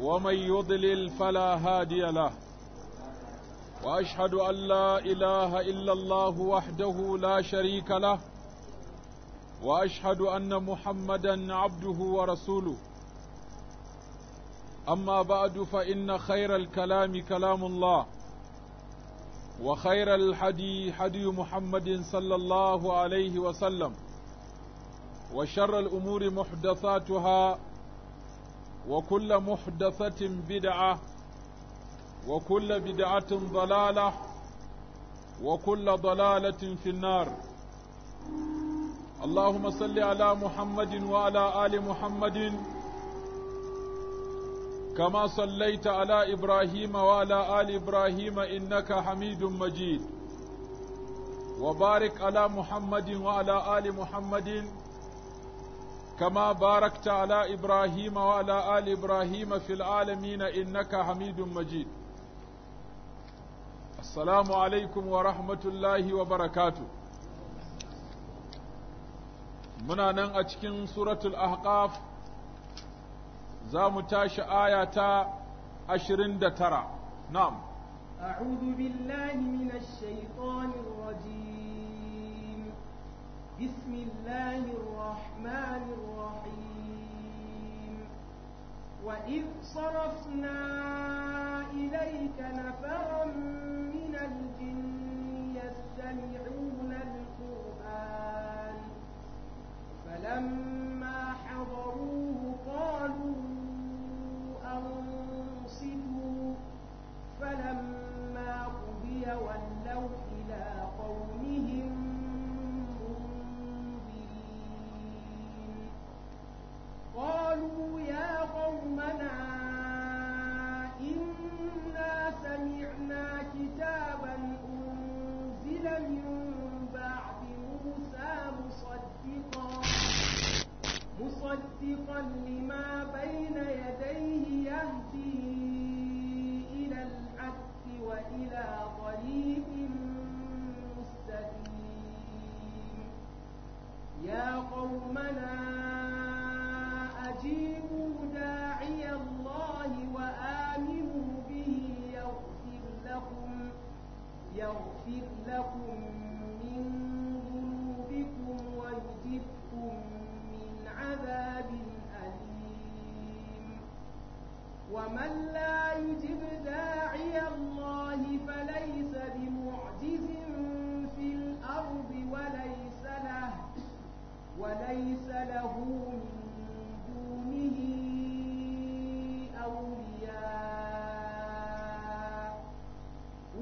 ومن يضلل فلا هادي له وأشهد أن لا إله إلا الله وحده لا شريك له وأشهد أن محمدا عبده ورسوله أما بعد فإن خير الكلام كلام الله وخير الحدي حدي محمد صلى الله عليه وسلم وشر الأمور محدثاتها وكل محدثة بدعة وكل بدعة ضلالة وكل ضلالة في النار اللهم صل على محمد وعلى آل محمد كما صليت على إبراهيم وعلى آل إبراهيم إنك حميد مجيد وبارك على محمد وعلى آل محمد وعلى آل محمد كما باركت على إبراهيم وعلى آل إبراهيم في العالمين إنك حميد مجيد السلام عليكم ورحمة الله وبركاته muna nan a cikin suratul ahqaf za mu tashi aya ta ashirin da tara na'am بسم الله الرحمن الرحيم وإذ صرفنا إليك نفرا من الجن يستمعون القرآن فلما حضروه قالوا أنصتوا فلما قضي ولوا إلى مصدقا مصدقا لما بين يديه يهدي إلى الحق وإلى طريق مستقيم يا قومنا أجيبوا داعي الله وآمنوا به يغفر لكم يغفر لكم ومن لا يجب داعي الله فليس بمعجز في الأرض وليس له وليس له من دونه أولياء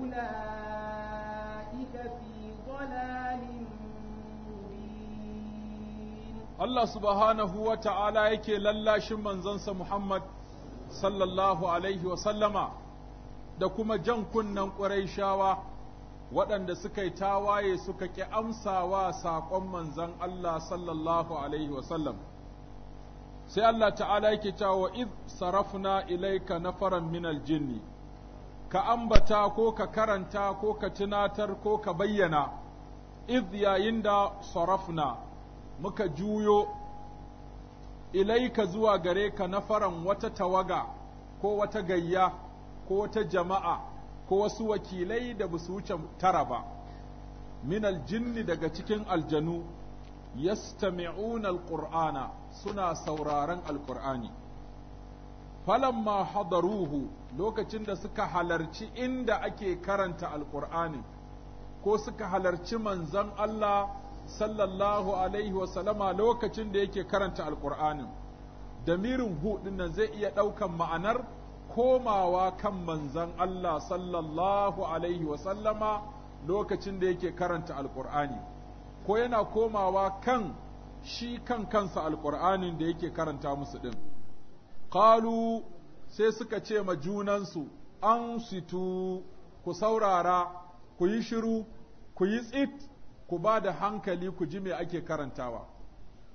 أولئك في ضلال مبين الله سبحانه وتعالى يكي للاشم منزنس محمد sallallahu alaihi wasallama da kuma jan kunnen ƙuraishawa waɗanda suka yi tawaye suka ƙi amsawa saƙon manzan Allah sallallahu alaihi wasallam sai Allah ta'ala yake cewa id sarafna ilaika nafaran minal jinni ka ambata ko ka karanta ko ka tunatar ko ka bayyana iz yayin da sarafna muka juyo ilaika zuwa gare ka faran wata tawaga ko wata gayya ko wata jama'a ko wasu wakilai da ba su wuce tara ba min aljinni daga cikin aljanu yastami'una alqur'ana suna sauraron alqur'ani falamma hadaruhu lokacin da suka halarci inda ake karanta alqur'ani ko suka halarci manzon Allah sallallahu alaihi wasallama lokacin da yake karanta alƙur'anin damirin hu nan zai iya ɗaukan ma'anar komawa kan manzan Allah sallallahu alaihi wasallama lokacin da yake karanta alƙur'ani ko yana komawa kan shi kan kansa alƙur'anin da yake karanta musu ɗin Kalu sai suka ce ma junansu an situ ku saurara ku yi shiru ku yi tsit ku ba da hankali ku ji me ake karantawa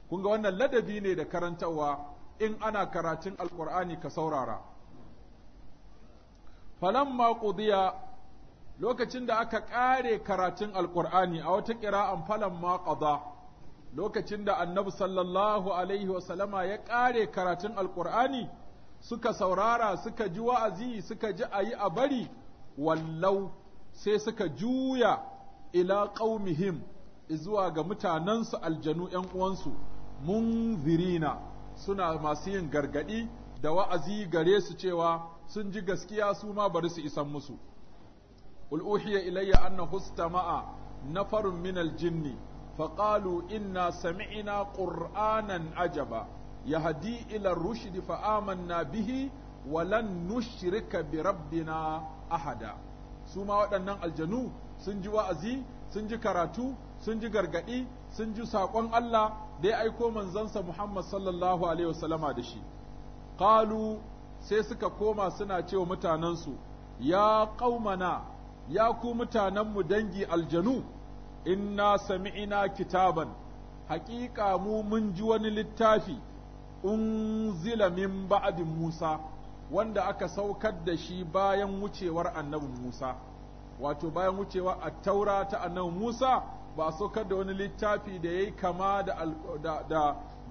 kun ga wannan ladabi ne da karantawa in ana karatun alkur'ani ka saurara ma ƙudiya, lokacin da aka ƙare karatun alkur'ani a wata ƙira'an ma qada lokacin da annabi sallallahu alaihi wasallama ya ƙare karatun alkur'ani suka saurara suka ji wa'azi suka ji a yi a bari wallau sai suka juya ila qaumihim zuwa ga mutanensu aljanu ‘yan uwansu, munzirina suna masu yin gargaɗi da wa'azi gare su cewa sun ji gaskiya su ma bari su isan musu. Ul'uhiya ilayya anna hustama'a na farin minal jinni, faƙalu inna sami'ina ƙur'anan ajaba, ya ila ilar rushdi fa'amanna bihi, walan nushirika bi rabbina ahada. Su ma waɗannan aljanu sun ji wa'azi sun ji karatu sun ji gargaɗi, sun ji saƙon Allah da ya aiko manzansa Muhammad sallallahu alaihi wasallama da shi Kalu sai suka koma suna cewa mutanensu ya ƙaumana ya ku mutanenmu dangi aljanu sami ina kitaban haƙiƙa mu mun ji wani littafi unzila min ba'adin Musa wanda aka saukar da shi bayan wucewar annabin Musa wato bayan wucewa a taura ta annabi Musa ba a saukar da wani littafi da ya yi kama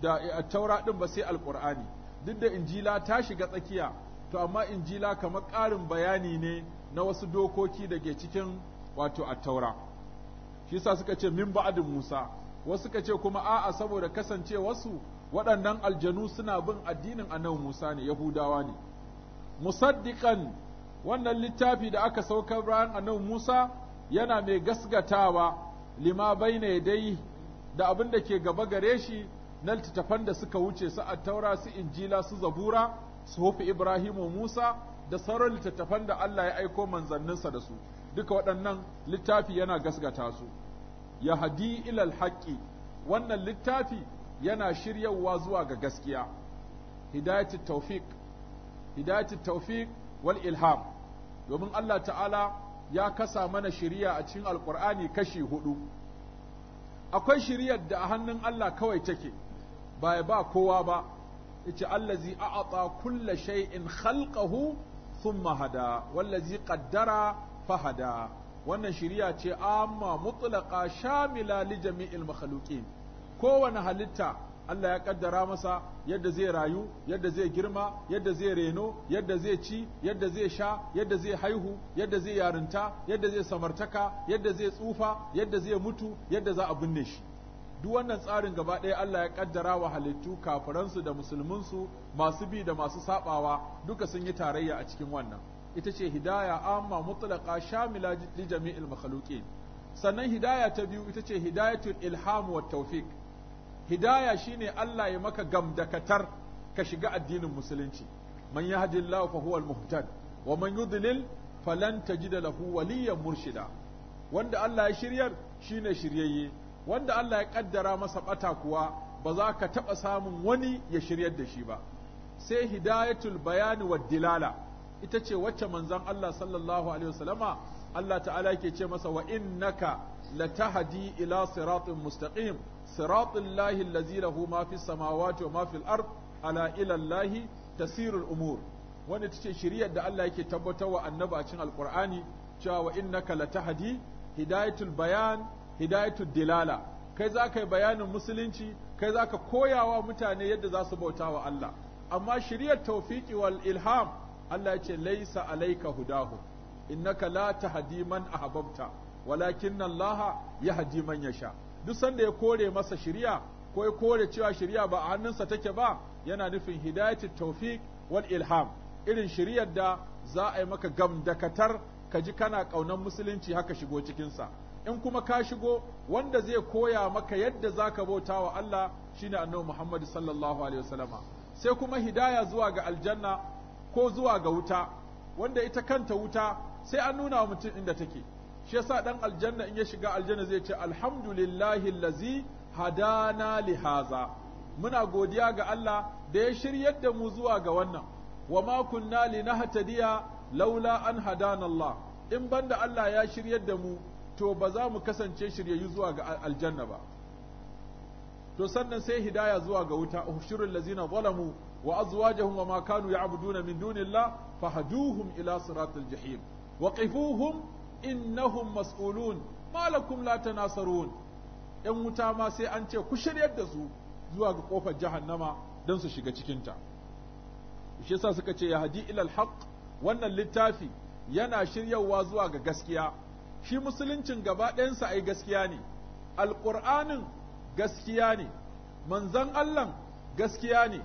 da a taura ɗin ba sai alƙur'ani duk da injila ta shiga tsakiya to amma injila kamar ƙarin bayani ne na wasu dokoki da ke cikin wato a taura shi sa suka ce min ba'adin musa wasu suka ce kuma a'a saboda kasance wasu, waɗannan aljanu suna bin addinin annabi musa ne yahudawa ne musaddiqan wannan littafi da aka saukar bayan annabi Musa yana mai gasgatawa lima baina yadai da abin da ke gaba gare shi na littattafan da suka wuce su attaura su injila su zabura su hufi Ibrahimu Musa da sauran littattafan da Allah ya aiko manzanninsa da su duka waɗannan littafi yana gasgata su ya hadi ilal haƙƙi wannan littafi yana shiryawa zuwa ga gaskiya hidayatul tawfiq hidayatul tawfiq wal ilham domin Allah ta'ala ya kasa mana shiriya a cikin alkur'ani kashi hudu akwai shiriyar da a hannun Allah kawai take ba ya ba kowa ba yace allazi a'ata kulla shay'in khalqahu thumma hada wallazi qaddara fahada wannan shiriya ce amma mutlaqa shamila li jami'il makhluqin kowane halitta Allah ya kaddara masa yadda zai rayu yadda zai girma yadda zai reno yadda zai ci yadda zai sha yadda zai haihu yadda zai yarinta yadda zai samartaka yadda zai tsufa yadda zai mutu yadda za a binne shi duk wannan tsarin gaba ɗaya Allah ya kaddara wa halittu kafiransu da musulminsu masu bi da masu sabawa duka sun yi tarayya a cikin wannan ita ce hidaya amma mutlaqa shamila li jami'il makhluqin sannan hidaya ta biyu ita ce hidayatul ilham wa tawfiq hidaya shine Allah ya maka gamdakatar ka shiga addinin musulunci man yahdillahu fa huwal muhtad wa man yudlil falan tajida lahu waliyyan murshida wanda Allah ya shiryar shine shiryayye wanda Allah ya kaddara masa bata kuwa ba za ka taba samun wani ya shiryar da shi ba sai hidayatul bayani wa dilala ita ce wacce manzon Allah sallallahu alaihi wasallama Allah ta'ala yake ce masa wa innaka latahdi ila siratin mustaqim siratul lahi mafi lahu ma fis samawati wa ma fil ard tasirul umur wanda ce shiriyar da Allah yake tabbatarwa annabi a cikin alqur'ani cewa wa innaka latahdi hidayatul bayan hidayatul dilala kai zaka yi bayanin musulunci kai zaka koyawa mutane yadda zasu su bauta wa Allah amma shiriyar tawfiqi wal ilham Allah ya ce laisa alaika hudahu innaka la tahdi man ahbabta laha ya yahdi man sha. duk sanda ya kore masa shiriya ko ya kore cewa shiriya ba a hannunsa take ba yana nufin hidayatul tawfiq wal ilham irin shiriyar da za a yi maka dakatar ka ji kana ƙaunar musulunci haka shigo cikinsa in kuma ka shigo wanda zai koya maka yadda zaka bauta wa Allah shine annabi Muhammad sallallahu alaihi wasallama sai kuma hidaya zuwa ga aljanna ko zuwa ga wuta wanda ita kanta wuta sai an nuna wa mutum inda take shi yasa dan aljanna in ya shiga aljanna zai ce alhamdulillahi allazi hadana li haza muna godiya ga Allah da ya shiryar da mu zuwa ga wannan wa ma kunna linahtadiya laula an hadana Allah in banda Allah ya shiryar da mu to ba za mu kasance shiryayyu zuwa ga aljanna ba to sannan sai hidaya zuwa ga wuta ushurul lazina zalamu wa azwajuhum wa ma kanu ya'buduna min dunillah fahduhum ila siratil jahim waqifuhum innahum mas'ulun malakum la tanasarun yan wuta ma sai an ce ku shiryar da su zuwa ga kofar jahannama don su shiga cikin ta shi yasa suka ce yahdi ila alhaq wannan littafi yana shiryawa zuwa ga gaskiya shi musuluncin gaba ɗayansa ai gaskiya ne alƙur'anin gaskiya ne manzon Allah gaskiya ne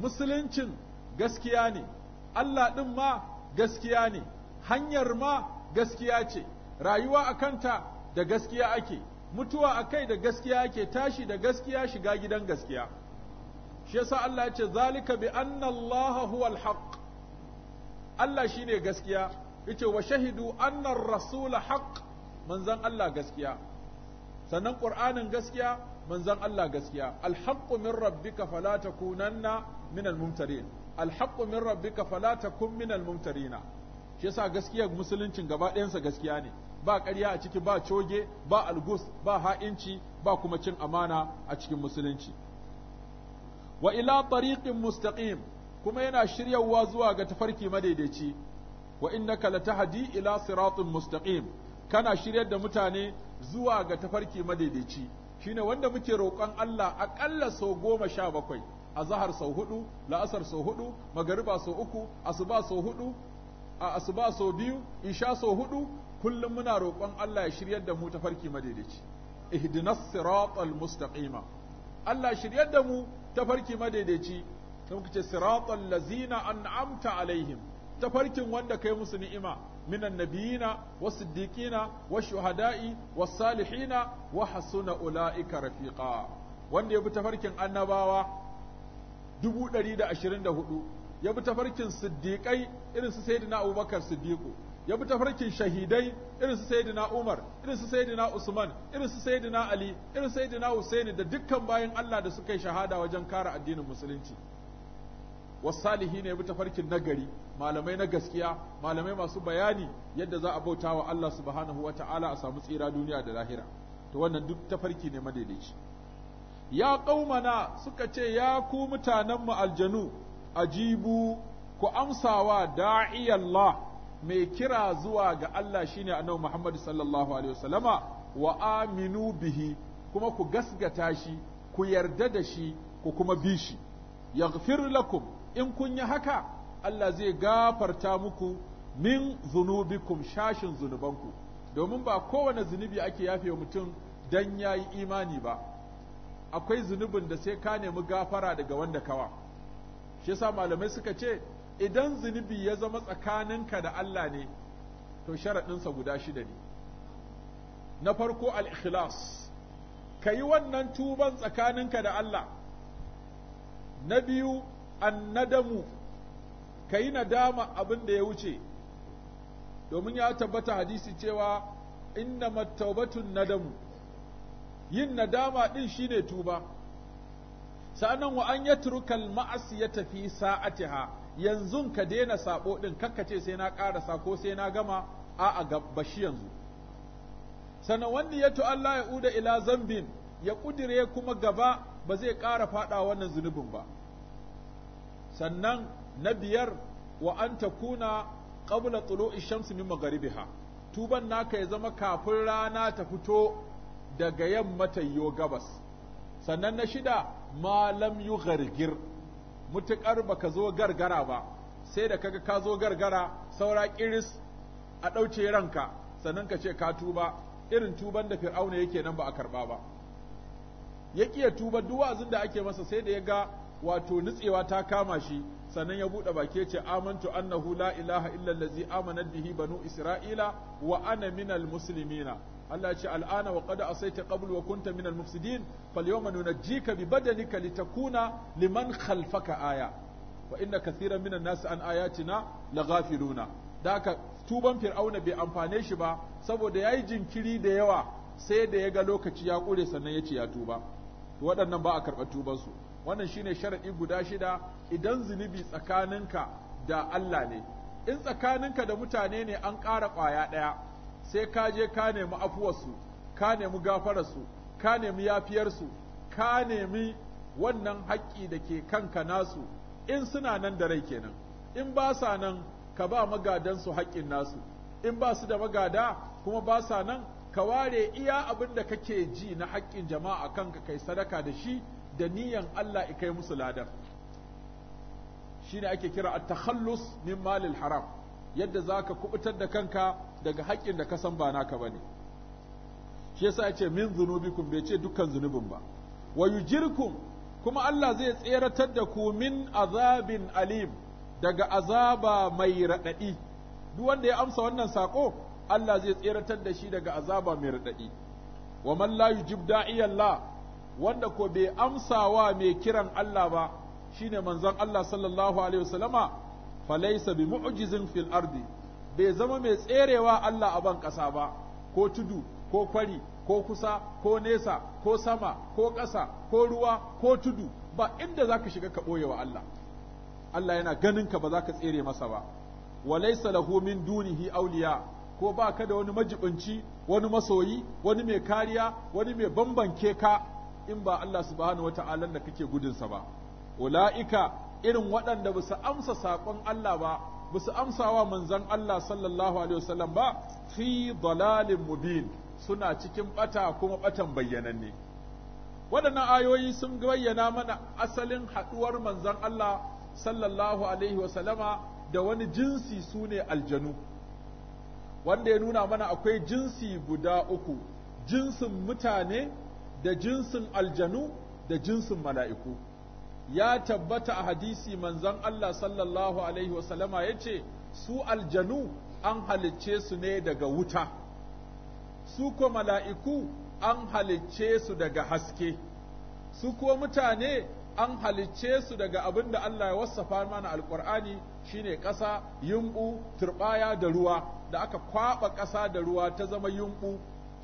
musuluncin gaskiya ne Allah ɗin ma gaskiya ne hanyar ma gaskiya ce rayuwa a kanta da gaskiya ake mutuwa a kai da gaskiya ake tashi da gaskiya shiga gidan gaskiya shi yasa Allah ya ce zalika bi anna Allah huwal alhaq. Allah shine gaskiya yace wa shahidu anna ar-rasul haqq manzon Allah gaskiya sannan qur'anin gaskiya manzon Allah gaskiya al min rabbika fala takunanna min al-mumtarin min rabbika fala takun min al-mumtarina shi yasa gaskiya musuluncin gaba ɗayansa gaskiya ne ba ƙarya a ciki ba coge ba algus ba ha'inci ba kuma cin amana a cikin musulunci wa ila tariqin mustaqim kuma yana shiryawa zuwa ga tafarki madaidaici wa innaka latahdi ila siratin mustaqim kana shiryar da mutane zuwa ga tafarki madaidaici shine wanda muke roƙon Allah aƙalla sau goma sha bakwai zahar sau hudu la'asar sau hudu magariba sau uku asuba sau hudu a asuba sau biyu isha sau hudu kullum muna roƙon Allah ya shiryar da mu ta farki madaidaici ihdinas siratal mustaqima Allah shiryar da mu ta farki madaidaici sai muka ce siratal lazina an'amta alaihim ta farkin wanda kai musu ni'ima minan nabiyina wasiddiqina washuhada'i wasalihina wa hasuna ulaika rafiqa wanda ya fi tafarkin annabawa 124 ya bi tafarkin siddiƙai irin su sayyidina abubakar siddiqu ya bi tafarkin shahidai irin su sayyidina umar irin su sayyidina usman irin su sayyidina ali irin su sayyidina Hussein, da dukkan bayan allah da suka yi shahada wajen kare addinin musulunci wasalihi ne ya bi tafarkin nagari malamai na gaskiya malamai masu bayani yadda za a bauta wa Allah subhanahu wata'ala a samu tsira duniya da lahira to wannan duk tafarki ne madaidaici ya kaumana suka ce ya ku mu aljanu ajibu ku amsawa da'iyallah mai kira zuwa ga Allah shine annabi Muhammad sallallahu alaihi wasallama wa aminu bihi kuma ku gasgata shi ku yarda da shi ku kuma bi shi yaghfir lakum in kun yi haka Allah zai gafarta muku min zunubikum shashin zunubanku domin ba kowane zunubi ake yafe wa mutum dan yayi imani ba akwai zunubin da sai ka nemi gafara daga wanda kawa shi yasa malamai suka ce idan zunubi ya zama tsakaninka da Allah ne to sharaɗinsa guda shida ne na farko al-ikhlas ka yi wannan tuban tsakaninka da Allah na biyu annadamu ka yi nadama abin da ya wuce domin ya tabbata hadisi cewa inna mattaubatun nadamu yin nadama ɗin shine tuba sa'annan wa an yatruka ya tafi sa'ati sa'atiha yanzu ka daina sabo din ce sai na ƙarasa ko sai na gama a a bashi yanzu sannan wanda ya to Allah ya uda ila zambin ya kudire kuma gaba ba zai ƙara faɗa wannan zunubin ba sannan na biyar wa an ta kuna qabla tulu'i shamsi min magharibiha tuban naka ya zama kafin rana ta fito daga yamma ta yo gabas sannan na shida Malam lam yu gargir ba baka zo gargara ba sai da kaga ka zo gargara saura kiris a ɗauce ranka sannan ka ce ka tuba irin tuban da fir'auna yake nan ba a karɓa ba ya ƙiya tuba duwazin da ake masa sai da ya ga wato nutsewa ta kama shi sannan ya buɗe baki ce amantu annahu la ilaha illa allazi amanat bihi banu isra'ila wa ana minal muslimina Allah ya ce al'ana wa qad asaita qabl wa kunta min al-mufsidin falyawma nunajjika bi badanika litakuna liman khalfaka aya wa inna kathiran minan nas an ayatina laghafiluna da haka tuban fir'auna bai amfane shi ba saboda yayi jinkiri da yawa sai da ya ga lokaci ya kure sannan ya ce ya tuba to waɗannan ba a karɓar tubansu wannan shine sharadi guda shida idan zunubi tsakaninka da Allah ne in tsakaninka da mutane ne an ƙara ƙwaya ɗaya sai ka je ka nemi afuwarsu ka nemi gafararsu ka nemi yafiyarsu ka nemi wannan haƙƙi da ke kanka nasu in suna nan da rai kenan in ba sa nan ka ba magadansu haƙƙin nasu in ba su da magada kuma ba sa nan ka ware iya abin da kake ji na haƙƙin jama'a kanka kai sadaka da shi da niyan Allah kai musu ladar shine ake kira at-takhallus min malil haram yadda za ka kubutar da kanka daga haƙƙin da ka san ba naka ba ne shi yasa ya ce min zunubikum bai ce dukkan zunubin ba wa yujirkum kuma Allah zai tseratar da ku min azabin alim daga azaba mai raɗaɗi duk wanda ya amsa wannan sako, Allah zai tseratar da shi daga azaba mai raɗaɗi wa man la yujib da'iyallah wanda ko bai amsa wa mai kiran Allah ba shine manzon Allah sallallahu alaihi wasallama falaisa bi mu'jizin fil ardi bai zama mai tserewa Allah a ban ƙasa ba ko tudu ko kwari ko kusa ko nesa ko sama ko ƙasa ko ruwa ko tudu ba inda zaka shiga ka ɓoye wa Allah Allah yana ganin ka ba zaka tsere masa ba walaisa lahu min dunihi awliya ko ba ka da wani majibinci wani masoyi wani mai kariya wani mai bambanke ka in ba Allah subhanahu wata'ala da kake gudunsa ba ula'ika irin waɗanda ba su amsa saƙon Allah ba ba su amsa wa manzan Allah sallallahu alaihi wasallam ba fi dalalin mubin suna cikin ɓata kuma ɓatan bayyananne waɗannan ayoyi sun bayyana mana asalin haɗuwar manzan Allah sallallahu alaihi wasallama da wani jinsi su ne aljanu wanda ya nuna mana akwai jinsi guda uku jinsin mutane da jinsin aljanu da jinsin mala'iku ya tabbata a hadisi manzon Allah sallallahu alaihi wasallama ya ce su aljanu an halicce su ne daga wuta su ko mala'iku an halicce su daga haske su kuwa mutane an halicce su daga abin da Allah ya wassafa mana alƙur'ani shine ƙasa yumɓu turɓaya da ruwa da aka kwaɓa ƙasa da ruwa ta zama yumɓu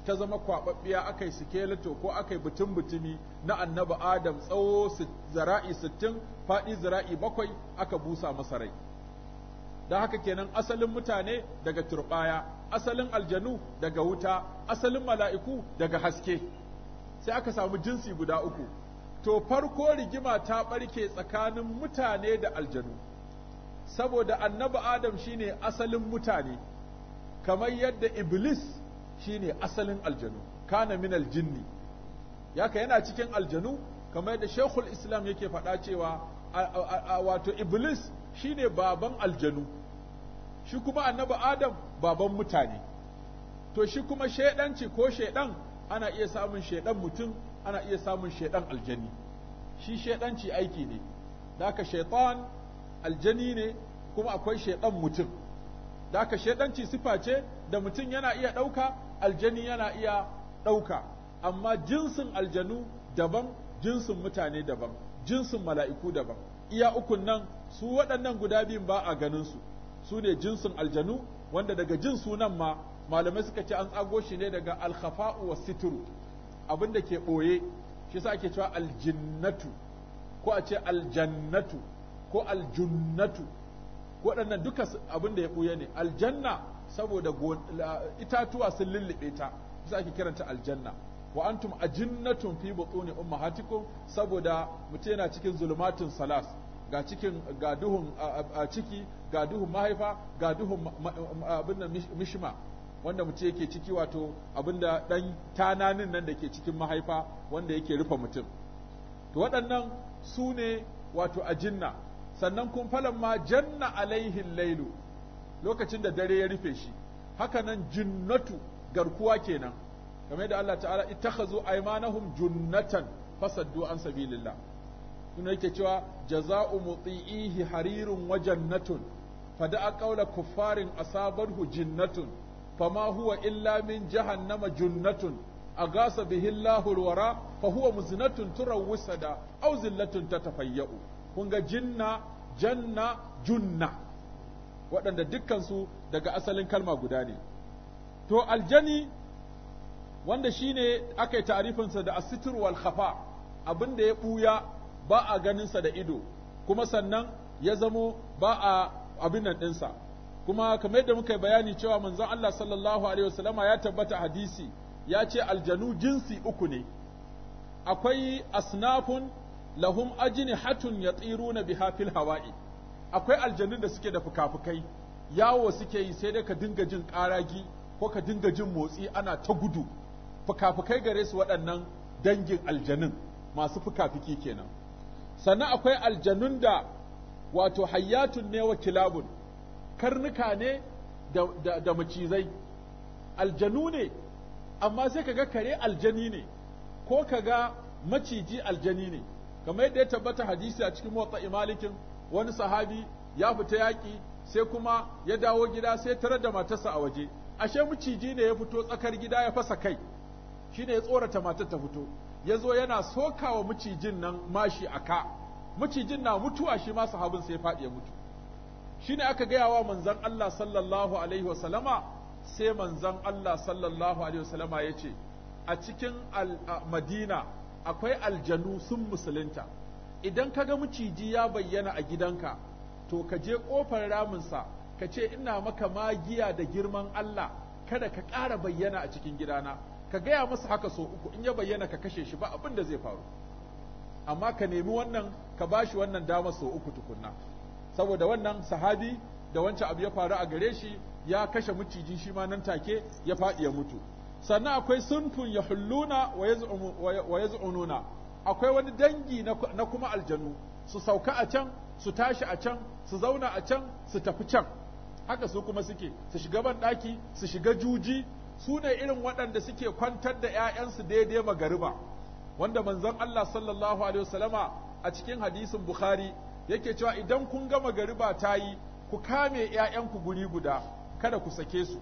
ta zama kwaɓaɓɓiya aka yi sikeleto ko aka yi butun butumi na annabi adam tsawo zara'i sittin faɗi zara'i bakwai aka busa masa rai don haka kenan asalin mutane daga turɓaya asalin aljanu daga wuta asalin mala'iku daga haske sai aka samu jinsi guda uku to farko rigima ta ɓarke tsakanin mutane da aljanu saboda annabi adam shine asalin mutane kamar yadda iblis shine asalin aljanu kana min aljinni yaka yana cikin aljanu kamar yadda shekul islam yake faɗa cewa wato iblis shine baban aljanu shi kuma annabi adam baban mutane to shi kuma shaidanci ko shaidan ana iya samun shaidan mutum ana iya samun shaidan aljani shi shaidanci aiki ne daka shaitan aljani ne kuma akwai shaidan mutum daka shaidanci sifa ce da mutum yana iya ɗauka aljani yana iya ɗauka amma jinsin aljanu daban jinsin mutane daban jinsin mala'iku daban iya ukun nan su waɗannan guda biyun ba a ganin su su ne jinsin aljanu wanda daga jin sunan ma malamai suka ce an tsago shi ne daga alkhafa'u wa situru abin da ke ɓoye shi sa ake cewa aljinnatu ko a ce aljannatu ko aljunnatu waɗannan duka abin da ya ɓuya ne aljanna saboda itatuwa sun lullube ta bisa ake kiranta aljanna wa antum ajinnatun fi butuni ummahatikum saboda mutum yana cikin zulumatun salas ga cikin ga duhun ciki ga duhun mahaifa ga duhun abinda mishma wanda mutum yake ciki wato abinda dan tananin nan da ke cikin mahaifa wanda yake rufe mutum to waɗannan sune, ne wato ajinna sannan kun falan ma janna alaihin lailu lokacin da dare ya rufe shi haka nan jinnatu garkuwa kenan game da Allah ta'ala ittakhazu aymanahum junnatan fasaddu an sabilillah suna yake cewa jaza'u muti'ihi harirun wa jannatun fada'a qawla kuffarin asabarhu jinnatun fama huwa illa min jahannama junnatun agasa bihi Allahu alwara fa huwa muznatun turawwisada aw zillatun tatafayyu kun ga jinna janna junna waɗanda dukkansu daga asalin kalma guda ne to aljani wanda shine aka yi sa da asitir wal khafa abin da ya ɓuya ba a ganinsa da ido kuma sannan ya zamo ba a abin nan ɗinsa kuma kamar yadda muka yi bayani cewa manzon Allah sallallahu alaihi wasallama ya tabbata hadisi ya ce aljanu jinsi uku ne akwai asnafun lahum ajnihatun yatiruna biha fil hawa'i akwai aljanun da suke da fukafukai yawo suke yi sai dai ka dinga jin karagi ko ka dinga jin motsi ana ta gudu fukafukai gare su waɗannan dangin aljanun masu fukafiki kenan sannan akwai aljanun da wato hayyatun ne wa kilabun karnuka ne da, macizai aljanu ne amma sai ka ga kare aljani ne ko ka ga maciji aljani ne kamar yadda ya tabbata hadisi a cikin motsa imalikin wani sahabi ya fita yaƙi sai kuma ya dawo gida sai tare da matarsa a waje ashe miciji ne ya fito tsakar gida ya fasa kai shine ya tsorata matar ta fito ya zo yana sokawa macijin nan mashi a ka macijin na mutuwa shi ma sahabin sai faɗi ya mutu ne aka gaya wa manzan Allah sallallahu alaihi wasallama sai manzon Allah sallallahu alaihi wasallama ya ce a cikin Madina akwai aljanu sun musulunta idan ka ga maciji ya bayyana a gidanka to ka je ƙofar raminsa ka ce ina maka magiya da girman Allah kada ka ƙara bayyana a cikin gidana ka gaya masa haka so uku in ya bayyana ka kashe shi ba abin da zai faru amma ka nemi wannan ka bashi wannan damar so uku tukunna saboda wannan sahabi da wancan abu ya faru a gare shi ya kashe maciji shi ma nan take ya faɗi ya mutu sannan akwai sunfun ya hulluna wa yaz'ununa akwai wani dangi na kuma aljanu su sauka a can su tashi a can su zauna a can su tafi can haka su kuma suke su shiga ban daki su shiga juji su ne irin waɗanda suke kwantar da 'ya'yansu daidai magariba wanda manzon Allah sallallahu alaihi wasallama a cikin hadisin Bukhari yake cewa idan kun ga magariba ta yi ku kame 'ya'yanku guri guda kada ku sake su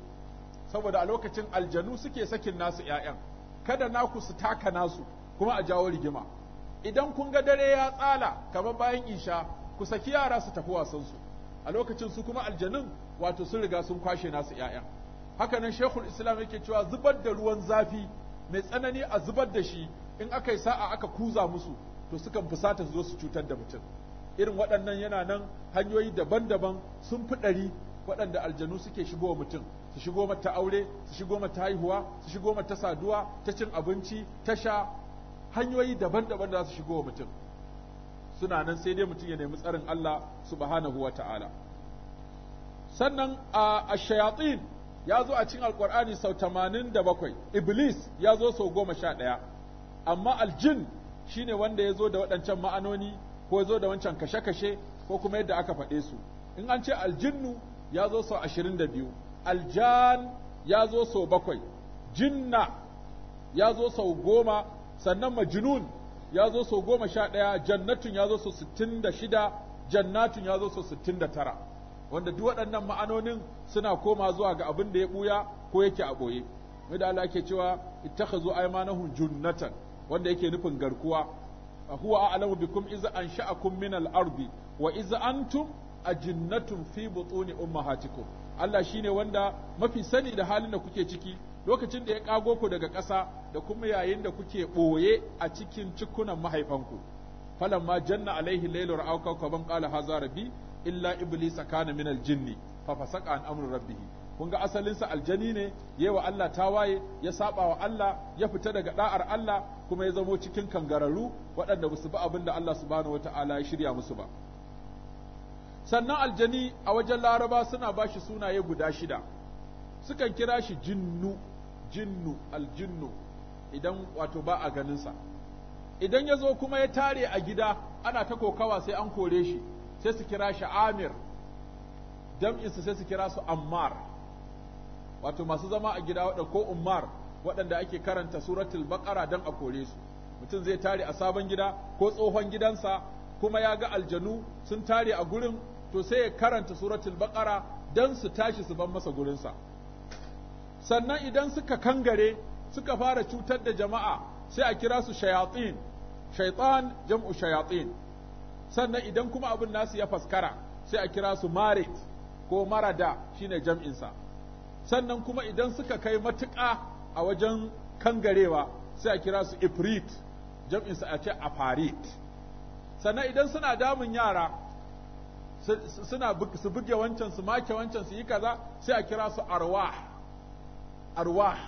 saboda a lokacin aljanu suke sakin nasu 'ya'yan kada naku su taka nasu kuma a jawo rigima idan kun ga dare ya tsala kamar bayan isha ku saki yara su tafi wasansu a lokacin su kuma aljanun wato sun riga sun kwashe nasu ‘ya'ya haka nan shekul islam yake cewa zubar da ruwan zafi mai tsanani a zubar da shi in aka yi sa'a aka kuza musu to sukan fusata su zo su cutar da mutum irin waɗannan yana nan hanyoyi daban-daban sun fi ɗari waɗanda aljanu suke shigo mutum su shigo mata aure su shigo mata haihuwa su shigo mata saduwa ta cin abinci ta sha hanyoyi daban-daban da za su shigo wa mutum suna nan sai dai mutum ya nemi tsarin Allah subhanahu wa ta'ala sannan a shayatin ya zo a cikin alkur'ani sau 87 iblis ya zo sau goma sha ɗaya, amma aljin shine wanda ya zo da waɗancan ma'anoni ko ya zo da wancan kashe-kashe ko kuma yadda aka faɗe su in an ce aljinnu ya zo sau 22 aljan ya zo sau bakwai jinna ya zo sau goma sannan majnun ya zo sau goma sha ɗaya jannatun ya zo sau sittin da shida jannatun ya zo sau sittin da tara wanda duk waɗannan ma'anonin suna koma zuwa ga abin da ya ɓuya ko yake a ɓoye mai da ke cewa aima na junnatan wanda yake nufin garkuwa A huwa a'lamu bikum an ansha'akum min al wa iz antum jinnatun fi butuni ummahatikum Allah shine wanda mafi sani da halin da kuke ciki lokacin da ya kago ku daga ƙasa da kuma yayin da kuke ɓoye a cikin cikunan mahaifanku falamma janna alaihi lailu ra'aw ban qala haza rabbi illa iblisa kana min aljinni fa fasaqa an amri rabbih kun ga asalinsa aljani ne yewa Allah tawaye ya saba wa Allah ya fita daga da'ar Allah kuma ya zamo cikin kangararru waɗanda ba su bi abin da Allah subhanahu wata'ala ya shirya musu ba sannan aljani a wajen laraba suna ba shi sunaye guda shida sukan kira shi jinnu jinnu aljinnu idan wato ba a ganinsa idan ya zo kuma ya tare a gida ana ta kokawa sai an kore shi sai su kira shi amir jam'insu sai su kira su ammar wato masu zama a gida waɗanda ko ummar waɗanda ake karanta suratul baqara dan a kore su mutum zai tare a sabon gida ko tsohon gidansa kuma ya ga aljanu sun tare a gurin to sai ya karanta suratul baqara dan su tashi su ban masa gurinsa sannan idan suka kangare suka fara cutar da jama'a sai a kira su shayatin shaitan jam'u shayatin sannan idan kuma abin nasu ya faskara sai a kira su marit ko marada shine jam'insa sannan kuma idan suka kai matuƙa a wajen kangarewa sai a kira su ifrit jam'insa a ce afarit sannan idan suna damun yara suna su buge wancan su make wancan su yi kaza sai a kira su arwah arwah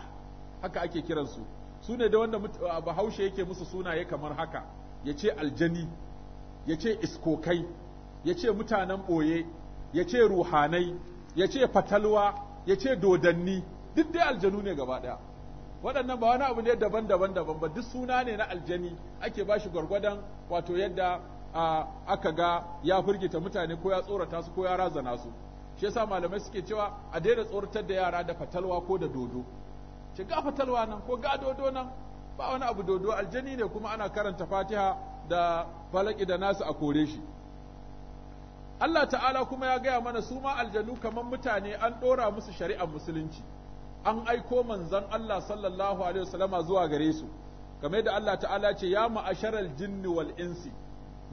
haka ake kiransu su ne da wanda bahaushe yake musu sunaye kamar haka ya ce aljani ya ce iskokai ya ce mutanen ɓoye ya ce ruhanai ya ce fatalwa ya ce dodanni duk dai aljanu ne gaba ɗaya waɗannan ba wani abu ne daban-daban daban ba duk suna ne na aljani ake ba shi gwargwadon wato yadda aka ga ya firgita mutane ko ya tsorata su ko ya razana su shi yasa malamai suke cewa a daina tsoratar da yara da fatalwa ko da dodo ce ga fatalwa nan ko ga dodo nan ba wani abu dodo aljani ne kuma ana karanta fatiha da falaki da nasu a kore shi Allah ta'ala kuma ya gaya mana su ma aljanu kamar mutane an ɗora musu shari'ar musulunci an aiko manzon Allah sallallahu alaihi wasallama zuwa gare su game da Allah ta'ala ce ya ma'asharal jinni wal insi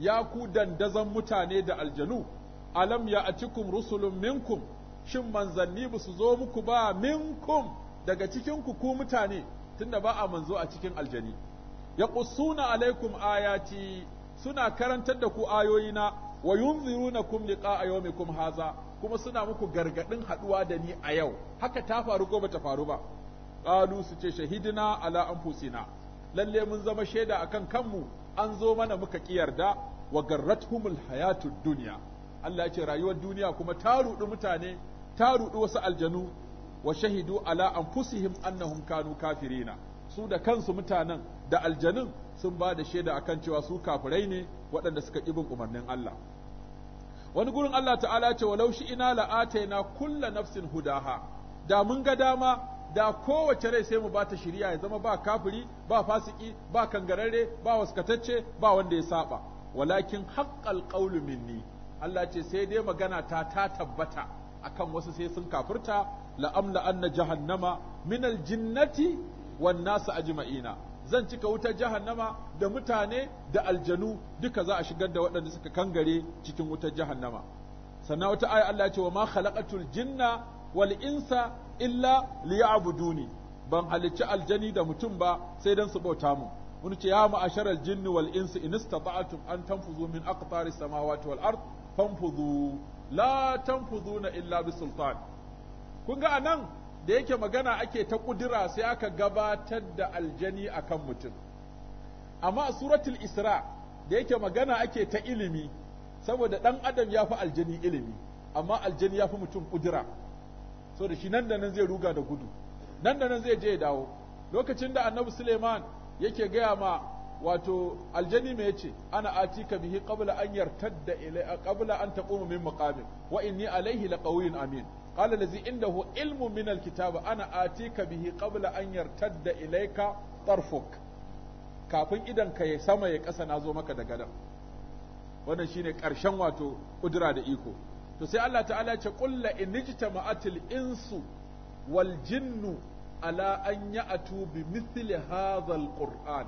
ya ku dandazon mutane da aljanu alam ya cikin rusulun minkum shin manzanni ba su zo muku ba minkum daga cikinku ku mutane tunda ba a manzo a cikin aljani yaqussuna alaikum ayati suna karantar da ku ayoyina wa yunzirunakum mai kum haza kuma suna muku gargadin haduwa da ni a yau haka ta faru ko bata faru ba qalu su ce shahidina ala anfusina lalle mun zama shaida akan kanmu an zo mana muka kiyarda wa garrathumul hayatud duniya. Allah ya ce rayuwar duniya kuma ta ruɗu mutane ta ruɗu wasu aljanu wa shahidu ala anfusihim annahum kanu kafirina su da kansu mutanen da aljanun sun ba da shaida akan cewa su kafirai ne waɗanda suka ƙi bin umarnin Allah wani gurin Allah ta'ala ce walau shi ina la'ataina kulla nafsin hudaha da mun ga dama da kowace rai sai mu ba ta shiriya ya zama ba kafiri ba fasiki ba kangararre ba waskatacce ba wanda ya saba walakin haqqal qawlu minni Allah ce sai dai magana ta ta tabbata akan wasu sai sun kafirta la'amla anna jahannama minal jinnati wan nasu ajma'ina zan cika wutar jahannama da mutane da aljanu duka za a shigar da waɗanda suka kangare cikin wutar jahannama sannan wata aya Allah ce wa ma khalaqatul jinna wal insa illa liya'buduni ban halicci aljani da mutum ba sai dan su bauta mu mun ce ya ma'asharal jinni wal insa in istata'tum an tanfuzu min aqtaris samawati wal ard fanfudu la tanfuduna illa bi sultan kun ga anan da yake magana ake ta kudura sai aka gabatar da aljani akan mutum amma a suratul isra da yake magana ake ta ilimi saboda dan adam ya fi aljani ilimi amma aljani ya fi mutum kudura so da shi nan da nan zai ruga da gudu nan da nan zai je ya dawo lokacin da annabi suleiman yake gaya ma wato aljani me yace ana atika bihi qabla an yartadda ilai qabla an taqumu min maqamin wa inni alayhi laqawiyyun amin qala allazi indahu ilmu min alkitab ana atika bihi qabla an yartadda ilayka tarfuk kafin idan ka ya sama ya kasa nazo maka da gadan wannan shine karshen wato kudura da iko to sai Allah ta'ala ya ce qul inijtama'atil insu wal jinnu ala an ya'tu bi mithli hadha alquran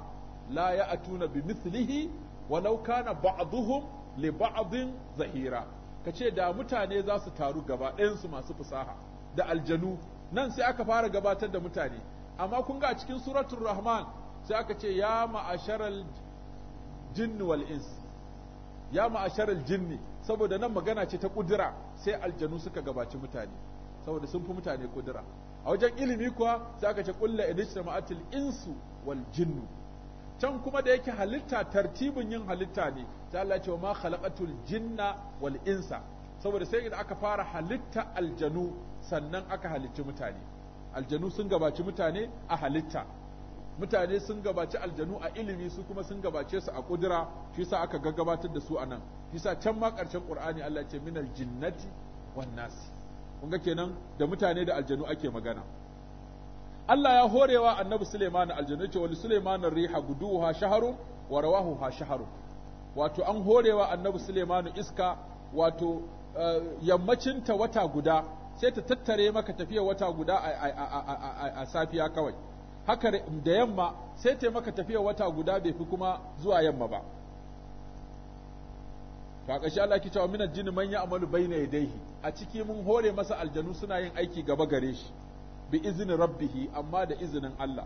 la tuna bi mislihi walau kana ba'dhum li ba'dhin zahira kace da mutane za su taru gaba ɗayan su masu fasaha da aljanu nan sai aka fara gabatar da mutane amma kun ga cikin suratul rahman sai aka ce ya ma'asharal jinni wal ins ya ma'asharal jinni saboda nan magana ce ta kudura sai aljanu suka gabaci mutane saboda sun fi mutane kudura a wajen ilimi kuwa sai aka ce kullu inishtama'atil insu wal jinnu can kuma da yake halitta tartibin yin halitta ne ta Allah ce ma khalaqatul jinna wal insa saboda sai da aka fara halitta aljanu sannan aka halicci mutane aljanu sun gabaci mutane a halitta mutane sun gabaci aljanu a ilimi su kuma sun gabace su a kudura shi yasa aka gaggabatar da su a nan shi yasa can ma karshen qur'ani Allah ce minal jinnati wan nasi kun ga kenan da mutane da aljanu ake magana Allah ya horewa annabi Suleiman aljanna ce wal Suleiman riha guduha shaharun wa rawahuha shaharun wato an horewa annabi Suleiman iska wato eh, yammacinta wata guda sai ta tattare maka tafiya wata guda a safiya kawai haka da yamma sai ta maka tafiya wata guda bai fi kuma zuwa yamma ba to a Allah ki cewa minan jinni man ya'malu bayna yadayhi a ciki mun hore masa aljanu suna yin aiki gaba gare shi bi izni rabbih amma da izinin Allah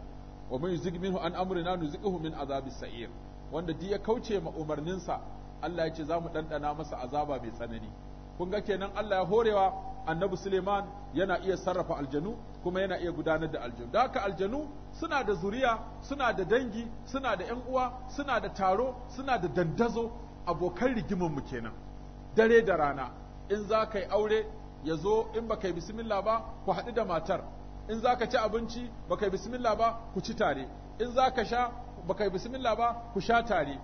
wa man yuzig minhu an amrina nuzighu min azabis sa'ir wanda di ya kauce ma umarninsa Allah ya ce za mu ɗanɗana masa azaba mai tsanani kun ga kenan Allah ya horewa annabi Suleiman yana iya sarrafa aljanu kuma yana iya gudanar da aljanu da haka aljanu suna da zuriya suna da dangi suna da ƴan uwa suna da taro suna da dandazo abokan rigimin mu kenan dare da rana in za ka yi aure ya zo in ba ka yi bismillah ba ku haɗu da matar in za ka ci abinci ba kai bismillah ba ku ci tare in za ka sha ba kai bismillah ba ku sha tare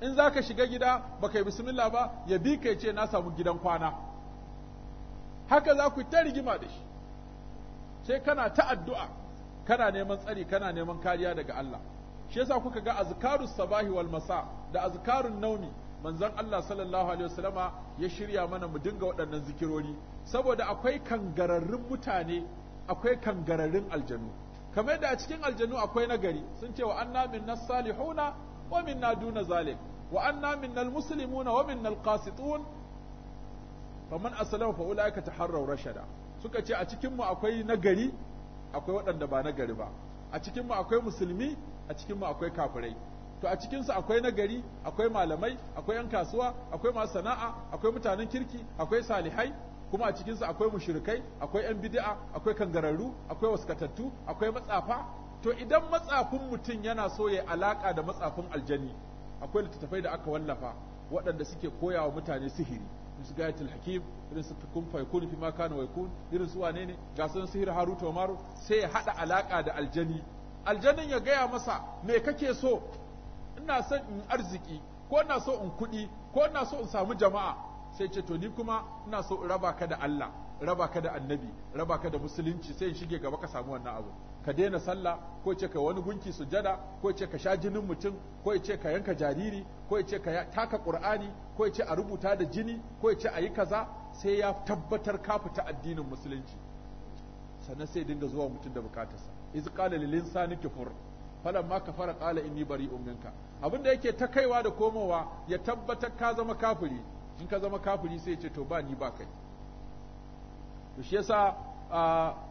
in za ka shiga gida ba kai bismillah ba ya bi ka ce na samu gidan kwana haka za ku ta rigima da shi sai kana ta addu'a kana neman tsari kana neman kariya daga Allah shi yasa kuka ga azkarus sabahi wal masa da azkarun naumi manzon Allah sallallahu alaihi wasallama ya shirya mana mu dinga waɗannan zikirori saboda akwai kangararrun mutane akwai kangararrun aljanu kamar da a cikin aljanu akwai nagari sun ce wa anna minna salihuna wa minna duna zalim wa anna minnal muslimuna wa minnal qasitun faman aslama fa ulaika taharraw rashada suka ce a cikin mu akwai nagari akwai waɗanda ba nagari ba a cikin mu akwai musulmi a cikin mu akwai kafirai to a cikinsu akwai nagari akwai malamai akwai yan kasuwa akwai masu sana'a akwai mutanen kirki akwai salihai kuma a cikinsu akwai mushrikai akwai yan bid'a akwai kangararru akwai waskatattu akwai matsafa to idan matsafin mutum yana so ya alaka da matsafin aljani, akwai littattafai da aka wallafa waɗanda suke koya wa mutane sihiri su gayatul hakim irin su kun fa yakun fi ma kana wa yakun irin su wane ne ga sun sihir haruta wa sai ya haɗa alaka da aljani aljanin ya gaya masa me kake so ina son in arziki ko ina so in kuɗi ko ina so in samu jama'a sai ce to ni kuma ina so in raba ka da Allah raba ka da annabi raba ka da musulunci sai in shige gaba ka samu wannan abu ka daina sallah ko ce ka wani gunki sujada ko ce ka sha jinin mutum ko ce ka yanka jariri ko ce ka taka qur'ani ko ce a rubuta da jini ko ce a yi kaza sai ya tabbatar ka fita addinin musulunci sannan sai dinga zuwa mutum da bukatarsa iz qala lil insani kufur Falan ma ka fara kala inni bari'un Abin da yake ta kaiwa da komowa ya tabbatar ka zama kafiri in ka zama kafiri sai ya ce to ba ni ba kai to shi yasa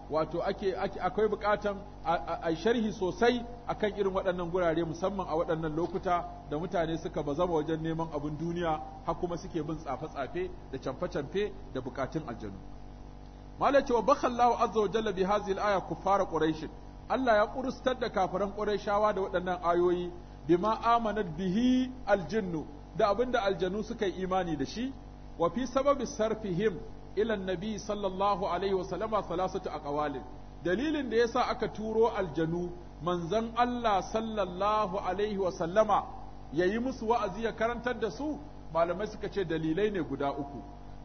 wato ake akwai bukatan a sharhi sosai akan irin waɗannan gurare musamman a waɗannan lokuta da mutane suka zama wajen neman abin duniya har kuma suke bin tsafe-tsafe da camfe-camfe da bukatun aljanu malai wa bakhallahu azza wa jalla bi hadhihi al-aya kuffara quraish Allah ya ƙurustar da kafiran ƙurayshawa da waɗannan ayoyi bima amanat bihi aljinnu da abinda aljanu suka yi imani da shi wa fi sababi sarfihim ila annabi sallallahu alaihi wa sallama thalathatu aqwalin dalilin da yasa aka turo aljanu manzon Allah sallallahu alaihi wa sallama yayi musu wa'azi ya karantar da su malamai suka ce dalilai ne guda uku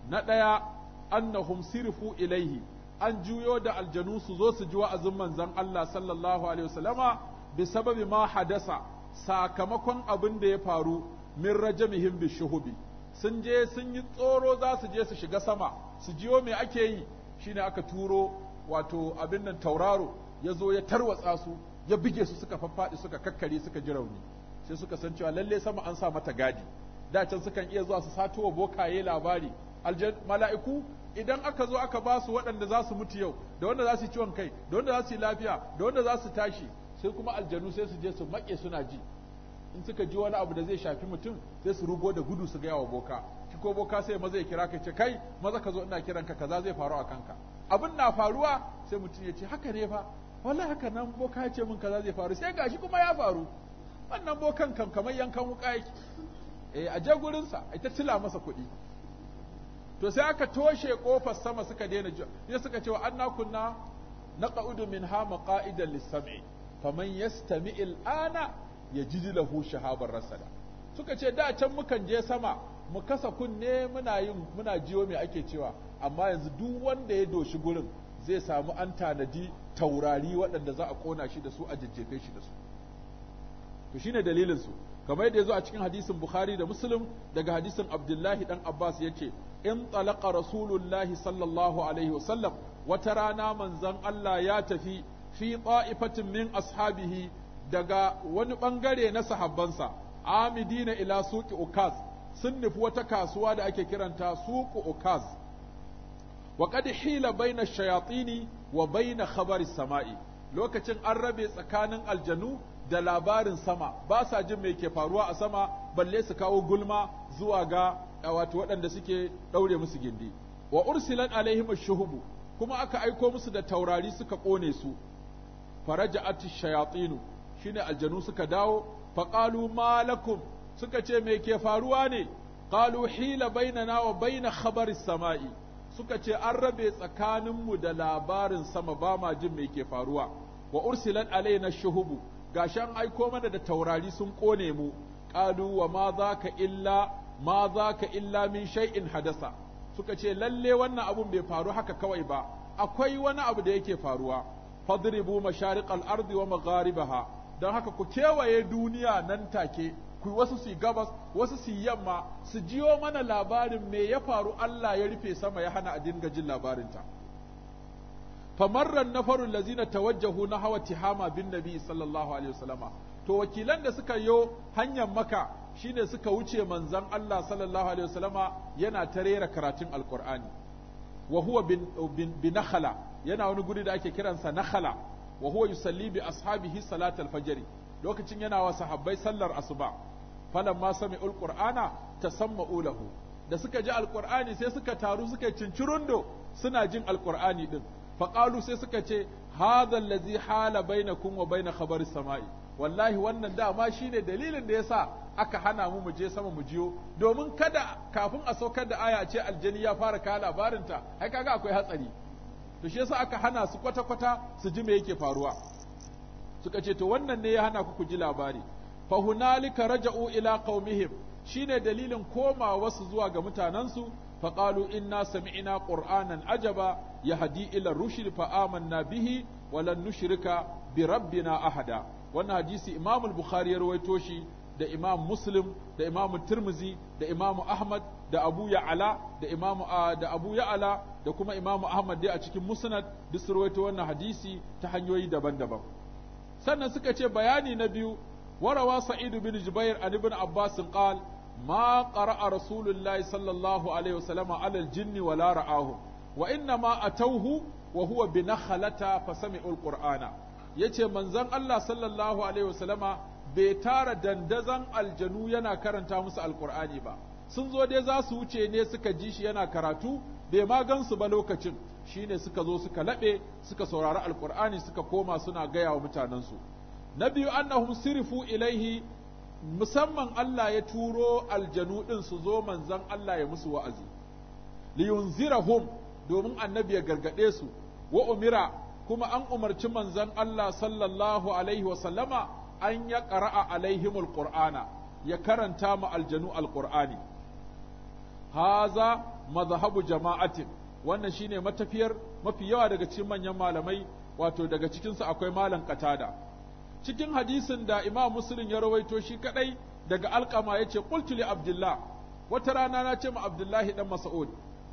na ɗaya annahum sirfu ilaihi an juyo da aljanu su zo su ji wa'azin manzon Allah sallallahu alaihi wasallama bi sababi ma hadasa sakamakon abin da ya faru min rajamihim bi shuhubi sun je sun yi tsoro za su je su shiga sama su jiyo me ake yi shine aka turo wato abin nan tauraro ya zo ya tarwatsa su ya bige su suka faffaɗi suka kakkare suka ji rauni sai suka san cewa lalle sama an sa mata gadi da can sukan iya zuwa su sato wa bokaye labari mala'iku idan aka zo aka ba su waɗanda za su mutu yau da wanda za su ciwon kai da wanda za su yi lafiya da wanda za su tashi sai kuma aljanu sai su je su maƙe suna ji in suka ji wani abu da zai shafi mutum sai su rugo da gudu su gaya wa boka shi ko boka sai maza ya kira ka ce kai maza ka zo ina kiranka kaza zai faru a kanka abin na faruwa sai mutum ya ce haka ne fa wallahi haka nan boka ya ce min kaza zai faru sai gashi kuma ya faru wannan bokan kan kamar yankan wuka yake eh a je gurinsa a ta masa kuɗi to sai aka toshe kofar sama suka daina jiwa. sai suka ce wa anna kunna naqa'udu ha maqa'idan lis faman yastami' al-ana yajid lahu shahaban rasada suka ce da can mukan je sama mu kasa kunne muna yin muna jiwo me ake cewa amma yanzu duk wanda ya doshi gurin zai samu an tanadi taurari waɗanda za a kona shi da su a jajjefe shi da su to shine dalilin su kamar yadda yazo a cikin hadisin Bukhari da Muslim daga hadisin Abdullahi dan Abbas yace in talaka rasulullahi sallallahu alaihi wasallam wata rana manzon Allah ya tafi fi ta'ifatin min ashabihi daga wani bangare na sahabbansa amidina ila suqi ukaz sun nufi wata kasuwa da ake kiranta suqu ukaz wa qad hila baina shayatini wa baina khabari sama'i lokacin an rabe tsakanin aljanu da labarin sama ba sa jin me ke faruwa a sama balle su kawo gulma zuwa ga wato waɗanda suke ɗaure musu gindi wa ursilan alaihim shuhubu kuma aka aiko musu da taurari suka ƙone su Faraja faraja'at shayatinu shine aljanu suka dawo fa qalu malakum suka ce me ke faruwa ne qalu hila bainana wa baina khabari samai suka ce an rabe tsakaninmu da labarin sama ba ma jin me ke faruwa wa ursilan alaina shuhubu gashan aiko mana da taurari sun kone mu qalu wa ma zaka illa ma za ka illa min shay'in hadasa suka ce lalle wannan abun bai faru haka kawai ba akwai wani abu da yake faruwa fadribu mashariq al-ardi wa magharibaha dan haka ku kewaye duniya nan take ku wasu su gabas wasu su yamma su jiyo mana labarin me ya faru Allah ya rufe sama ya hana a dinga jin labarinta famarran nafarul lazina tawajjahu na hawa tihama bin nabi sallallahu alaihi wasallama to wakilan da suka yo hanyar maka shine suka wuce manzon Allah sallallahu alaihi wasallama yana tarera karatun alqur'ani wa huwa bin nakhala yana wani guri da ake kiransa nakhala wa huwa yusalli bi ashabihi salat al lokacin yana wa sahabbai sallar asuba ma sami qur'ana tasamma lahu da suka ji alqur'ani sai suka taru suka cincirundo suna jin alqur'ani din faqalu sai suka ce hadha allazi hala bainakum wa bain khabari samai wallahi wannan dama shine dalilin da yasa aka hana mu mu je sama mu jiyo domin kada kafin a saukar da aya ce aljani ya fara kawo labarinta ai kaga akwai hatsari to shi yasa aka hana su kwata-kwata su ji me yake faruwa suka ce to wannan ne ya hana ku ku ji labari fa hunalika raja'u ila qaumihim shine dalilin koma wasu zuwa ga mutanansu fa qalu inna sami'na qur'anan ajaba yahdi ila rushd fa amanna bihi wa lan nushrika bi rabbina ahada wannan hadisi Imamul bukhari ya rawaito shi da imam muslim da imam turmuzi da imam ahmad da abu ya'ala da imam da abu ya'ala da kuma imam ahmad dai a cikin musnad duk su rawaito wannan hadisi ta hanyoyi daban-daban sannan suka ce bayani na biyu warawa sa'id bin jubair an ibn abbas qal ma qara'a rasulullahi sallallahu alaihi wasallam ala al-jinni wala ra'ahu wa inna ma atawhu wa huwa bi nakhlata fasami'u al-qur'ana yace manzon Allah sallallahu alaihi wasallama bai tara dandazon aljanu yana karanta musu alkur'ani ba sun zo dai za su wuce ne suka ji shi yana karatu bai ma gansu ba lokacin shine suka zo suka laɓe suka saurari alkur'ani suka koma suna gaya wa mutanensu na biyu annahum sirifu ilaihi musamman Allah ya turo aljanu ɗin su zo manzan Allah ya musu wa'azi liyunzirahum domin annabi ya gargaɗe su wa umira kuma an umarci manzan Allah sallallahu alaihi wa sallama. an ya ƙara'a alaihimul qur'ana ya karanta ma aljanu alqur'ani haza mazhabu jama'atin wannan shine matafiyar mafi yawa daga cikin manyan malamai wato daga cikinsu akwai malam katada cikin hadisin da imam muslim ya rawaito shi kadai daga alkama yace qultu li abdullah wata rana na ce ma abdullahi dan mas'ud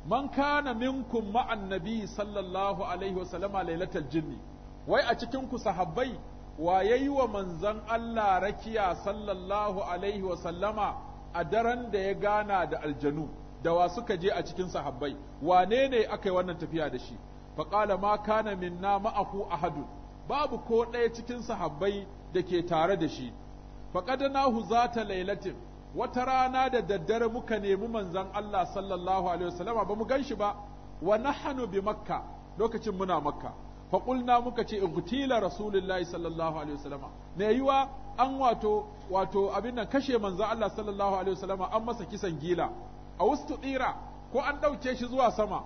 man kana minkum ma'an nabi sallallahu alaihi wa lailatal jinni wai a cikin ku sahabbai wa yayi wa manzan Allah rakiya sallallahu alaihi wa sallama a daren da ya gana da aljanu da wa suka je a cikin sahabbai wane ne aka yi wannan tafiya da shi faqala ma kana minna ma'ahu ahadun babu ko ɗaya cikin sahabbai da ke tare da shi faqadnahu zata lailatin wata rana da daddare muka nemi manzan Allah sallallahu alaihi wa sallama. ba mu ganshi ba wa nahnu bi makka lokacin muna makka fa muka ce in kutila rasulullahi sallallahu alaihi wasallama ne yiwa an wato wato abin nan kashe manzo Allah sallallahu alaihi wasallama an masa kisan gila a wustu tsira ko an ɗauke shi zuwa sama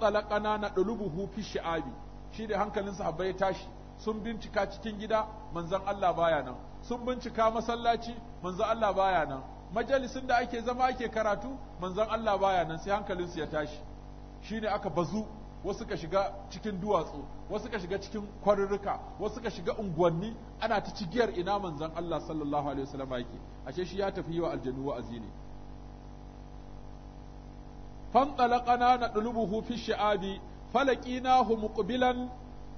talaqana na dulubuhu fi shi'abi shi da hankalin sahabbai ya tashi sun bincika cikin gida manzon Allah baya nan sun bincika masallaci manzo Allah baya nan majalisin da ake zama ake karatu manzon Allah baya nan sai hankalin su ya tashi shine aka bazu wasu ka shiga cikin duwatsu wasu ka shiga cikin kwarurruka wasu ka shiga unguwanni ana ta cigiyar ina manzon Allah sallallahu alaihi wasallam yake ashe shi ya tafi wa aljanu wa'azi ne na dulubuhu fi shi'abi hu muqbilan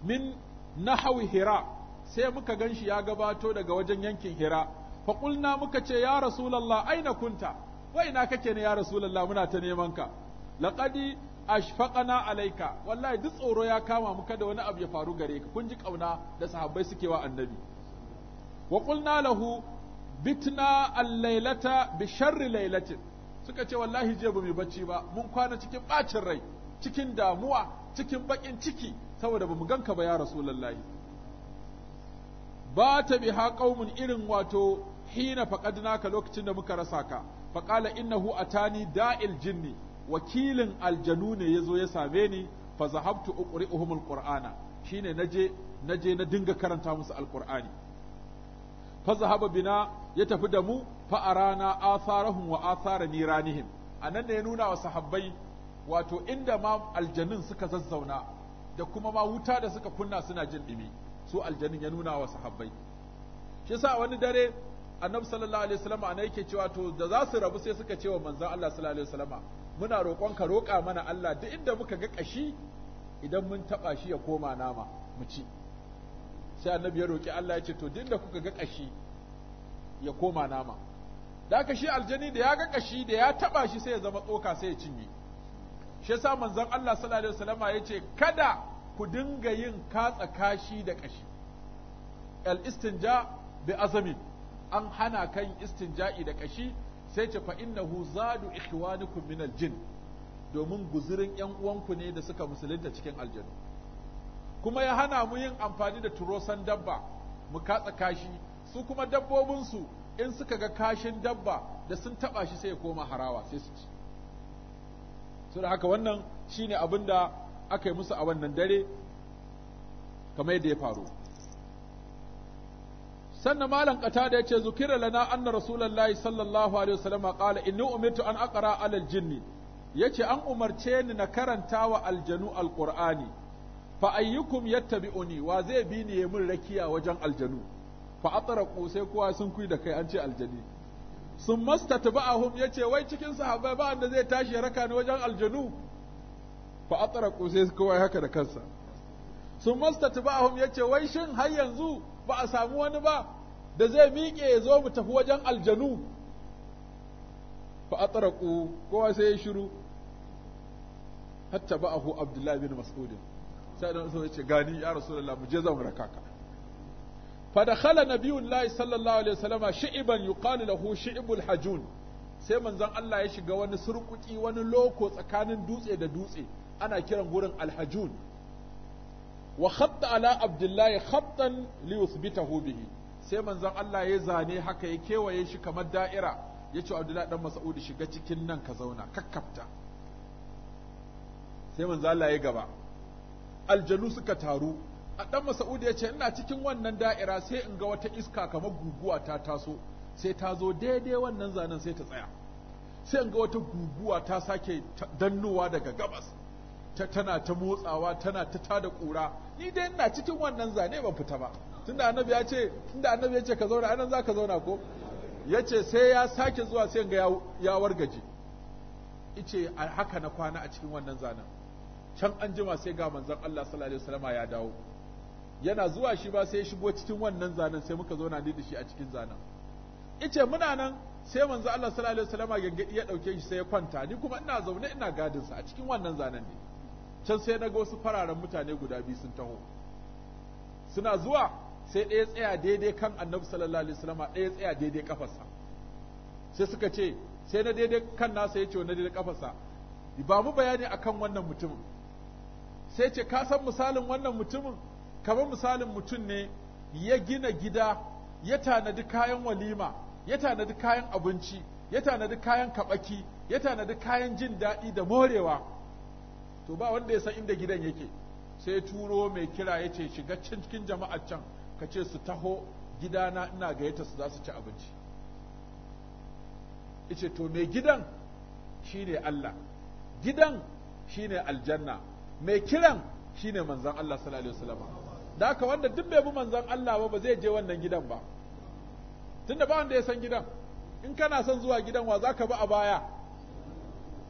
min nahwi hira sai muka ganshi ya gabato daga wajen yankin hira fa qulna muka ce ya rasulullah aina kunta wa ina kake ne ya rasulullah muna ta neman ka laqadi ashfaqana alaika wallahi duk tsoro ya kama mu kada wani abu ya faru gare ka kun ji kauna da sahabbai suke wa annabi wa qulna lahu bitna al-lailata bi sharri lailatin suka ce wallahi jiya ba mu bacci ba mun kwana cikin bacin rai cikin damuwa cikin bakin ciki saboda ba mu ganka ba ya rasulullahi ba ta biha qaumun irin wato hina faqadnaka lokacin da muka rasa ka faqala innahu atani da'il jinni wakilin aljanu ne ya zo ya same ni fa zahabtu uqri'uhum alqur'ana shine naje naje na dinga karanta musu alqur'ani fa zahaba bina ya tafi da mu fa arana atharahum wa athara niranihim anan ne ya nuna wa sahabbai wato inda ma aljanun suka zazzauna da kuma ma wuta da suka kunna suna jin dimi su aljanun ya nuna wa sahabbai shi yasa wani dare annabi sallallahu alaihi wasallam ana yake cewa to da za su rabu sai suka ce wa manzon Allah sallallahu alaihi wasallama muna roƙon ka roƙa mana Allah duk inda muka ga ƙashi idan mun taɓa shi ya koma nama mu ci sai annabi ya roƙi Allah ya ce to duk inda kuka ga ƙashi ya koma nama da ka aljani da ya ga ƙashi da ya taɓa shi sai ya zama tsoka sai ya cinye shi yasa manzon Allah sallallahu alaihi wasallama ya ce kada ku dinga yin katsa kashi da ƙashi al istinja bi azamin an hana kan istinja'i da ƙashi sai ce fa innahu zadu ikhwanukum min aljin domin guzurin yan uwanku ne da suka musulunta cikin aljanu kuma ya hana mu yin amfani da turosan dabba mu katsa kashi su kuma dabbobin su in suka ga kashin dabba da sun taba shi sai ya koma harawa sai su ci so da haka wannan shine abin da aka yi musu a wannan dare kamar yadda ya faru sannan malam Katada da yace zukira lana anna rasulullahi sallallahu alaihi wasallam qala inni umirtu an aqra alal jinni yace an umarce ni na karanta wa aljanu Alƙur'ani. fa ayyukum yattabi'uni wa zai bi ni min rakiya wajen aljanu fa atraqu sai kowa sun kui da kai an ce aljani sun mastatba'ahum yace wai cikin sahabbai ba wanda zai tashi ya raka ni wajen aljanu fa haka da kansa sun yace wai shin har yanzu ba a samu wani ba da zai miƙe ya zo mu tafi wajen aljanu fa a atraqu kowa sai ya shiru hatta ba a ba'ahu abdullahi bin Masudin. sai dan sai ce gani ya rasu da mu je zamu raka ka fa biyun layi sallallahu alaihi wasallam shi'ban yuqalu lahu shi'bul hajun sai manzon Allah ya shiga wani surkuki wani loko tsakanin dutse da dutse ana kiran gurin alhajun wa khatta ala abdullahi khattan li yuthbitahu bihi sai manzon Allah ya zane haka ya kewaye shi kamar da'ira ya ce abdullahi dan mas'ud shiga cikin nan ka zauna kakkafta sai manzon Allah ya gaba aljanu suka taru a dan mas'ud ya ce ina cikin wannan da'ira sai in ga wata iska kamar guguwa ta taso sai ta zo daidai wannan zanen sai ta tsaya sai in ga wata guguwa ta sake dannuwa daga gabas tana ta motsawa tana ta tada kura ni dai ina cikin wannan zane ban fita ba tunda annabi ya ce tunda annabi ya ce ka zauna anan zaka zauna ko yace sai ya sake zuwa sai ga ya wargaje yace haka na kwana a cikin wannan zanen can an jima sai ga manzon Allah sallallahu alaihi wasallam ya dawo yana zuwa shi ba sai ya shigo cikin wannan zanen sai muka zauna ni da shi a cikin zanen yace muna nan sai manzon Allah sallallahu alaihi wasallam ya dauke shi sai ya kwanta ni kuma ina zaune ina gadin sa a cikin wannan zanen ne can sai naga wasu fararen mutane guda biyu sun taho suna zuwa sai ɗaya tsaya daidai kan annabi sallallahu alaihi wasallam ɗaya tsaya daidai kafarsa sai suka ce sai na daidai kan nasa yace ce na daidai kafarsa ba mu bayani akan wannan mutumin sai ce ka san misalin wannan mutumin kamar misalin mutum ne ya gina gida ya tanadi kayan walima ya tanadi kayan abinci ya tanadi kayan kabaki ya tanadi kayan jin daɗi da morewa to ba wanda ya san inda gidan yake sai turo mai kira ya ce shiga cikin jama'ar can ka ce su taho gidana ina gayyata su za su ci abinci ice to mai gidan shine Allah gidan shine aljanna mai kiran shine manzon Allah sallallahu alaihi wasallam da haka wanda duk bai bi manzon Allah ba ba zai je wannan gidan ba tunda ba wanda ya san gidan in kana son zuwa gidan wa zaka bi a baya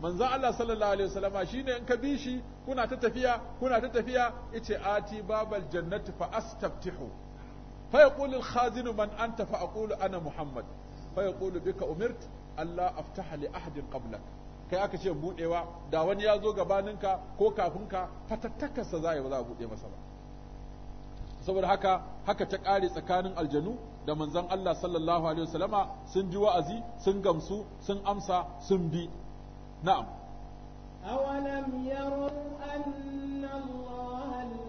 manzon Allah sallallahu alaihi wasallama shine in ka bi shi kuna ta tafiya kuna ta tafiya yace ati babal jannati fa astaftihu fa yaqulu al khazin man anta fa aqulu ana muhammad fa yaqulu bika umirt Allah aftaha li ahadin qablak kai aka ce budewa da wani ya zo gabaninka ko kafinka fatattakarsa za ba za a bude masa ba saboda haka haka ta ƙare tsakanin aljanu da manzon Allah sallallahu alaihi wasallama sun ji wa'azi sun gamsu sun amsa sun bi نعم أولم يروا أن الله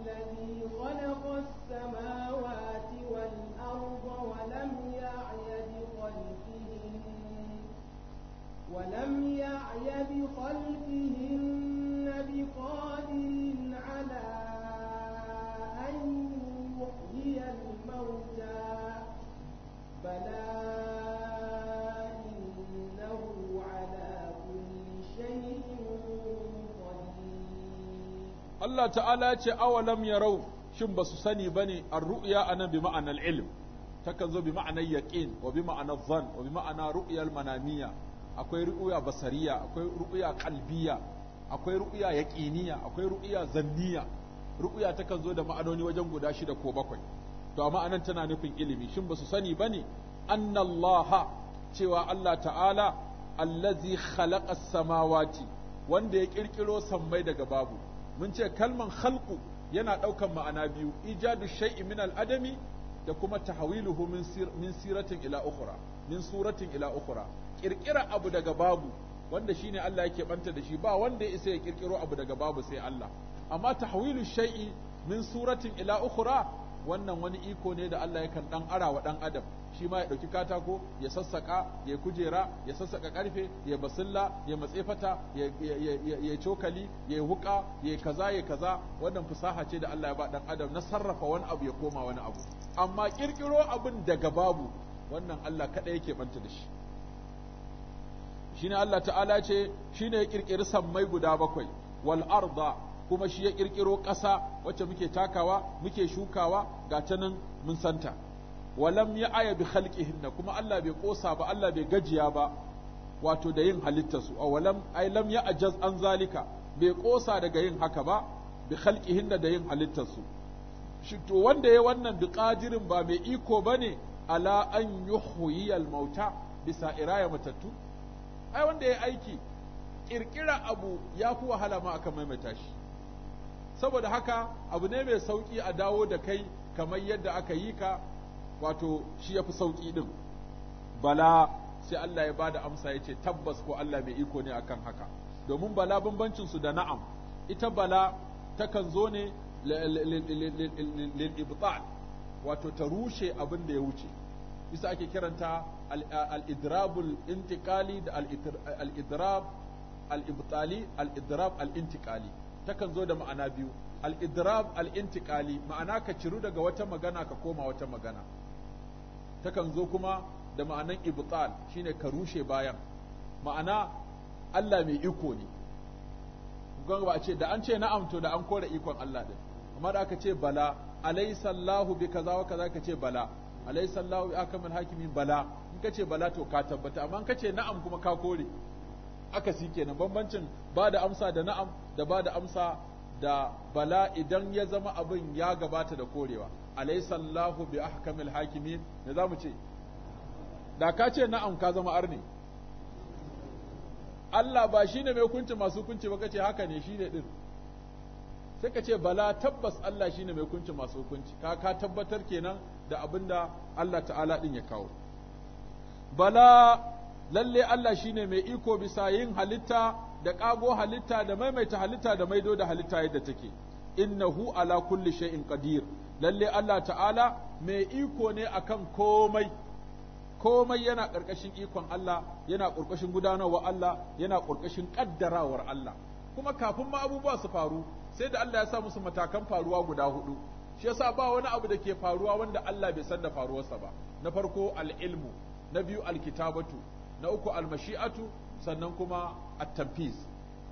Allah ta'ala ya ce awalam yarau shin su sani bane ar-ru'ya anan bi ma'anar ilm takan zo bi ma'anar yaqin wa bi ma'anar zan wa bi ma'anar ru'yal manamiya akwai ru'ya basariya akwai ru'ya qalbiya akwai ru'ya yaƙiniya akwai ru'ya zanniya ru'ya takan zo da ma'anoni wajen guda shida ko bakwai to amma anan tana nufin ilimi shin su sani bane annallaha cewa Allah ta'ala allazi khalaqa samawati wanda ya kirkiro sammai daga babu mun ce kalman khalqu yana ɗaukan ma'ana biyu ijadu shay'in min al-adami da kuma tahwiluhu min min siratin ila ukhra min suratin ila ukhra kirkira abu daga babu wanda shine Allah yake banta da shi ba wanda ya isa ya kirkiro abu daga babu sai Allah amma tahwilu shay'i min suratin ila ukhra wannan wani iko ne da Allah yakan dan arawa wa dan adam shi ma ya dauki katako ya sassaka ya kujera ya sassaka karfe ya basilla ya matsefata ya cokali ya huka ya kaza ya kaza wannan fasaha ce da Allah ya ba dan adam na sarrafa wani abu ya koma wani abu amma kirkiro abin daga babu wannan Allah kada yake banta da shi shine Allah ta'ala ce shine ya kirkiri sammai guda bakwai wal arda kuma shi ya kirkiro ƙasa wacce muke takawa muke shukawa ga ta nan mun santa walam ya aya bi khalqihinna kuma Allah bai kosa ba Allah bai gajiya ba wato da yin halittarsu a walam ay lam ya ajaz an zalika bai kosa daga yin haka ba bi khalqihinna da yin halittarsu shi to wanda ya wannan bi qadirin ba mai iko bane ala an yuhyi al mauta bisa iraya matattu ai wanda ya aiki kirkira abu ya fi wahala ma aka maimaita shi saboda haka abu ne mai sauƙi a dawo da kai kamar yadda aka yi ka wato shi yafi sauƙi din bala sai Allah ya bada amsa ya ce tabbas ko Allah mai iko ne akan haka domin bala bambancin su da na'am ita bala takan zo ne lil wato ta rushe abin da ya wuce Isa ake kiranta al-idrabul intiqali da al-idrab al-ibtali al-idrab al-intiqali al idrab al intiqali al takan zo da ma'ana biyu al-idrab al-intiqali ma'ana ka ciru daga wata magana ka koma wata magana takan zo kuma da ma'anan ibtal shine ka rushe bayan ma'ana Allah mai iko ne ba a ce da an ce na'am to da an kore ikon Allah din amma da aka ce bala alaysa Allahu bi kaza wa kaza ka ce bala alaysa Allahu bi hakimin bala in ka ce bala to ka tabbata amma in ka ce na'am kuma ka kore Aka si kenan bambancin ba da amsa da na'am da ba da amsa da bala idan ya zama abin ya gabata da korewa alaisallahu bi ahkamil hakimin me zamu ce da ka ce na'am ka zama arni Allah ba shine mai hukunci masu hukunci ba kace haka ne shine din sai ka ce bala tabbas Allah shine mai hukunci masu hukunci ka ka tabbatar kenan da abinda Allah ta'ala din ya kawo bala lalle Allah shi ne mai iko bisa yin halitta da ƙago halitta da maimaita halitta da maido da halitta yadda take innahu ala kulli shay'in qadir lalle Allah ta'ala mai iko ne akan komai komai yana ƙarƙashin ikon Allah yana ƙarƙashin gudanarwa Allah yana ƙarƙashin ƙaddarawar Allah kuma kafin ma abubuwa su faru sai da Allah ya sa musu matakan faruwa guda hudu shi yasa ba wani abu da ke faruwa wanda Allah bai san da faruwarsa ba na farko al'ilmu, na biyu al-kitabatu na uku almashi'atu sannan kuma at-tanfiz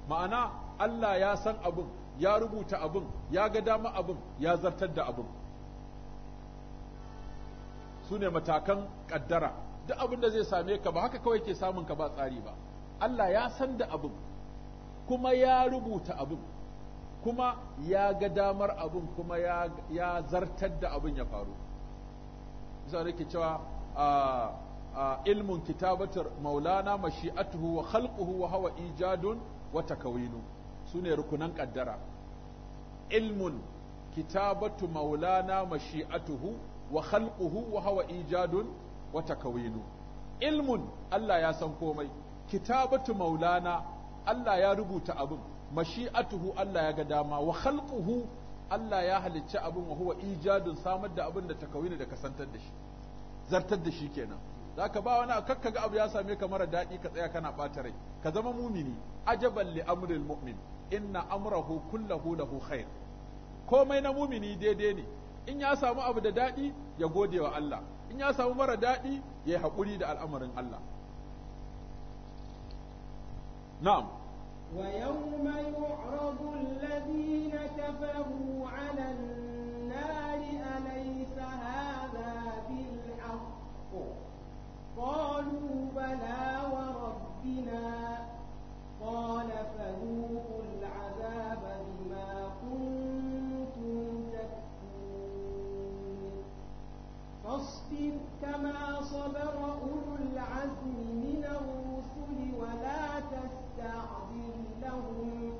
ma'ana Allah ya san abin ya rubuta abin ya ga dama abin ya zartar da abin su ne matakan kaddara duk abin da zai same ka ba haka kawai ke samun ka ba tsari ba Allah ya san da abin kuma ya rubuta abin kuma ya ga damar abin kuma ya zartar da abin ya faru zai rike cewa ah, ilmun kitabatar maulana mashi'atuhu wa khalquhu wa hawa ijadun wa takawinu ne rukunan kaddara ilmun kitabatu maulana mashi'atuhu wa khalquhu wa hawa ijadun wa takawinu ilmun Allah ya san komai kitabatu maulana Allah ya rubuta abin mashi'atuhu Allah ya ga dama wa khalquhu Allah ya halicci abin wa huwa ijadun samar da abin da takawinu da kasantar da shi zartar da shi kenan za ka ba wani kakka ga abu ya same ka mara daɗi ka tsaya kana ɓata rai ka zama mumini ajaban li amril mu'min inna amrahu kullahu lahu khair komai na mumini daidai ne in ya samu abu da daɗi ya gode wa Allah in ya samu mara daɗi ya yi haƙuri da al'amarin Allah na'am ويوم يعرض الذين كفروا على النار أليس هذا بالحق قالوا بلى وربنا قال فذوقوا العذاب بما كنتم تكفرون فاصبر كما صبر أولو العزم من الرسل ولا تستعجل لهم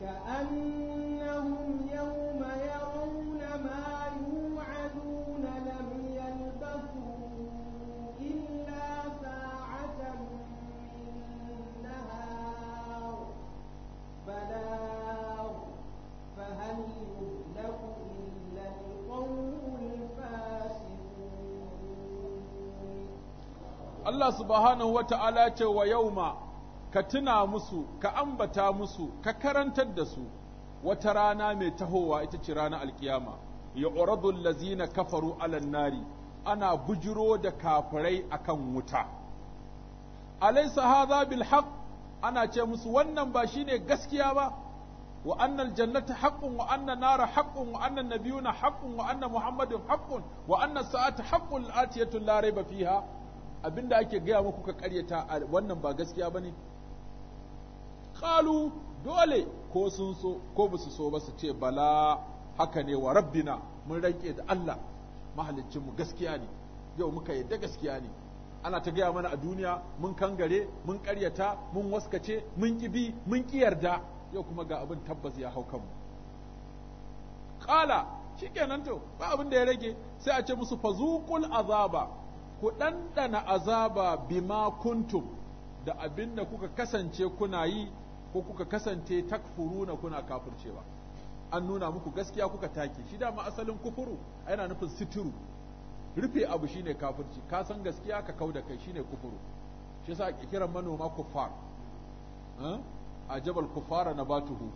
كأنهم يوم Allah subhanahu wata'ala ce wa yauma ka tuna musu ka ambata musu ka karantar da su wata rana mai tahowa ita ce rana alkiyama ya uradul lazina kafaru alan nari ana bujiro da kafirai akan wuta alaysa haza bil haqq ana ce musu wannan ba shine gaskiya ba wa annal jannata haqqun wa anna nara haƙƙun, wa anna nabiyuna haqqun wa anna muhammadun haqqun wa anna sa'ata haqqun atiyatu la fiha abinda ake gaya muku ka karyata a wannan ba gaskiya bane qalu dole ko sun so ko ba su so ba su ce bala haka ne wa rabbina mun rake da Allah mahalicin mu gaskiya ne yau muka yadda gaskiya ne ana ta gaya mana a duniya mun kangare mun karyata mun waskace mun kibi mun kiyarda yau kuma ga abin tabbas ya hau kanmu qala shikenan to ba abin da ya rage sai a ce musu fazuqul azaba ku ɗanɗana azaba bima kuntum da abin da kuka kasance kuna yi ko kuka kasance takfuru na kuna kafircewa an nuna muku gaskiya kuka take shi dama asalin kufuru yana nufin situru rufe abu shine kafirci ka san gaskiya ka da kai shine kufuru shi yasa ake kiran manoma kufar eh? a jabal kuffara nabatuhu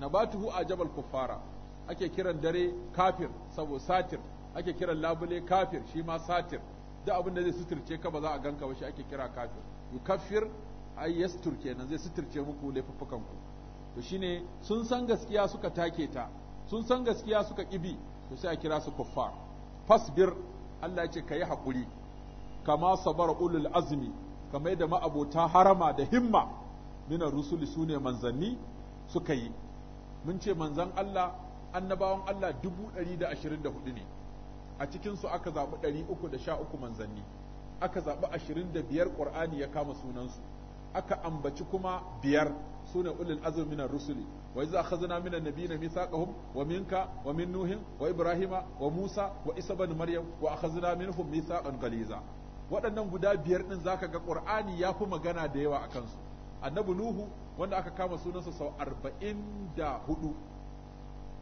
nabatuhu a jabal kufara. ake kiran dare kafir saboda satir ake kiran labule kafir shi ma satir duk abin da zai suturce ka ba za a ganka ba shi ake kira kafir a ay yastur kenan zai suturce muku laifuffukan ku to shine sun san gaskiya suka take ta sun san gaskiya suka kibi to sai a kira su kuffa fasbir Allah ce ka kai hakuri kama sabara ulul azmi kamar da ma'abota harama da himma mina rusuli sune manzanni suka yi mun ce manzan Allah annabawan Allah dubu ɗari da ashirin da hudu ne a cikinsu aka zaɓi ɗari da sha manzanni aka zaɓi ashirin da biyar ya kama sunansu aka ambaci kuma biyar suna ulul azumi na rusuli wa iza min minan nabiyina mithaqahum wa minka wa min nuhin wa ibrahima wa musa wa isa ibn maryam wa akhadna minhum mithaqan qaliza waɗannan guda biyar din zaka ga qur'ani ya fi magana da yawa akan su annabi nuhu wanda aka kama sunansa sau 44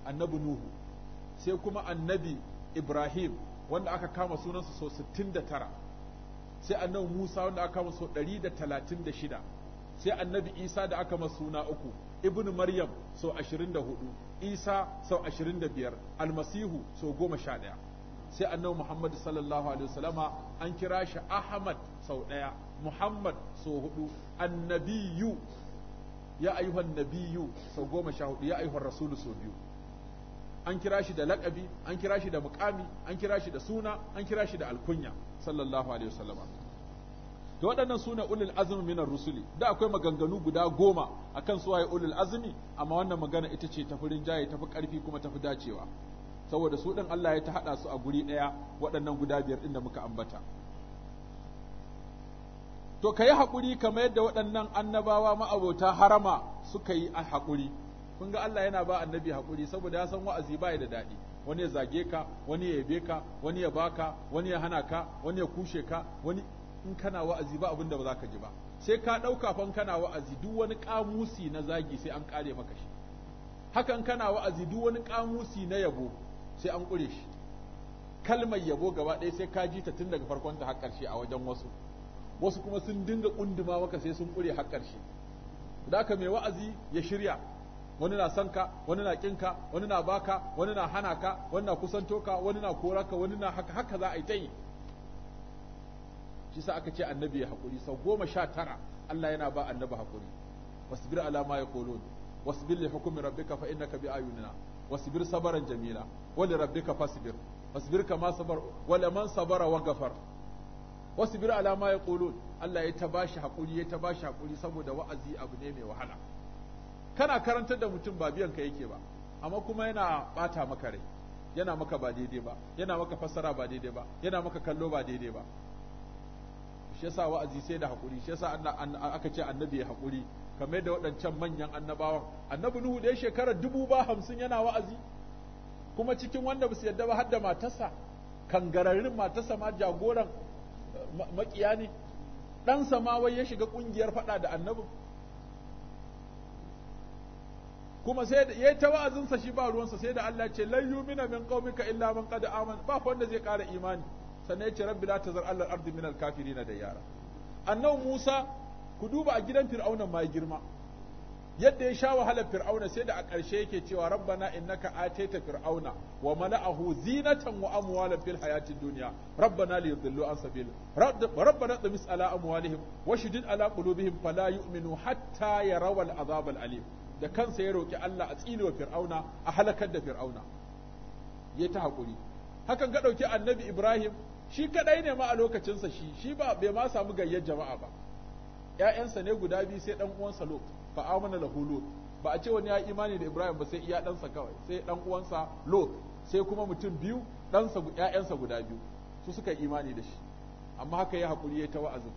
annabi nuhu sai kuma annabi Ibrahim wanda aka kama sunansa sau 69 sai annabi Musa wanda aka kama sau 136 sai annabi Isa da aka masa suna uku ibnu Maryam sau 24 Isa sau 25 almasihu sau 11 sai annabi Muhammad sallallahu alaihi wasallama an kira shi Ahmad sau ɗaya Muhammad sau huɗu. annabiyu ya ayyuhan nabiyu sau goma sha ya ayyuhan rasulu sau biyu an kira shi da laƙabi an kira shi da muƙami an kira shi da suna an kira shi da alkunya sallallahu alaihi wasallama to waɗannan sune ulul azmi minar rusuli da akwai maganganu guda goma akan suwaye ulul azmi amma wannan magana ita ce tafi rinjaye tafi ƙarfi kuma tafi dacewa saboda su ɗin Allah ya ta haɗa su a guri ɗaya waɗannan guda biyar ɗin da muka ambata to ka yi haƙuri kamar yadda waɗannan annabawa ma'abota harama suka yi a haƙuri kun ga Allah yana ba annabi hakuri saboda ya san wa'azi ba da daɗi wani ya zage ka wani ya yabe ka wani ya baka wani ya hana ka wani ya kushe ka wani in kana wa'azi ba da ba za ka ji ba sai ka ɗauka fan kana wa'azi duk wani kamusi na zagi sai an kare maka shi hakan kana wa'azi duk wani kamusi na yabo sai an ƙure shi kalmar yabo gaba ɗaya sai ka ji ta tun daga farkon ta har a wajen wasu wasu kuma sun dinga ƙunduma maka sai sun ƙure har ƙarshe da mai wa'azi ya shirya wani na son ka wani na kin ka wani na baka wani na hana ka wani na kusanto ka wani na ka wani na haka haka za a yi ta yi shi sa aka ce annabi ya hakuri sau goma sha tara Allah yana ba annabi hakuri wasbir ala ma yaqulun wasbir li hukmi rabbika fa innaka bi ayunina wasbir sabaran jamila wa li rabbika fasbir wasbir kama sabar wa man sabara wa ghafar wasbir ala ma yaqulun Allah ya ta bashi hakuri ya ta bashi hakuri saboda wa'azi abu ne mai wahala kana karantar da mutum ba biyan ka yake ba amma kuma yana bata maka rai yana maka ba daidai ba yana maka fassara ba daidai ba yana maka kallo ba daidai ba shi yasa wa'azi sai da hakuri shi yasa aka ce annabi ya hakuri kamar da waɗancan manyan annabawan annabi nuhu da ya shekara dubu ba hamsin yana wa'azi kuma cikin wanda ba su yadda ba har da matarsa kangararin matarsa ma jagoran makiya ne ɗansa ma wai ya shiga ƙungiyar faɗa da annabin kuma sai da yayi ta wa'azinsa shi ba ruwansa sai da Allah ce lan yumina min qaumika illa man qad amana ba wanda zai ƙara imani sannan ya ce rabbi la tazar alal ardi min al kafirina da yara annabi Musa ku duba a gidan Fir'auna ma girma yadda ya sha wahalar fir'auna sai da a ƙarshe yake cewa rabbana innaka ataita fir'auna wa mala'ahu zinatan wa amwalan fil hayatid dunya rabbana li yudillu an sabil rabbana tamis ala amwalihim wa shudid ala qulubihim fala yu'minu hatta yaraw al azab al alim da kansa ya roki Allah a tsine wa fir'auna a halakar da fir'auna ya ta hakuri hakan ka ɗauki annabi Ibrahim shi kaɗai ne ma a lokacinsa shi shi ba bai ma samu gayyar jama'a ba Ya'yansa ne guda biyu sai dan uwansa Lot fa amana la ba a ce wani ya imani da Ibrahim ba sai iya ɗansa kawai sai ɗan uwansa Lot sai kuma mutum biyu ɗansa ‘ya'yansa guda biyu su suka imani da shi amma haka ya haƙuri ya ta wa'azin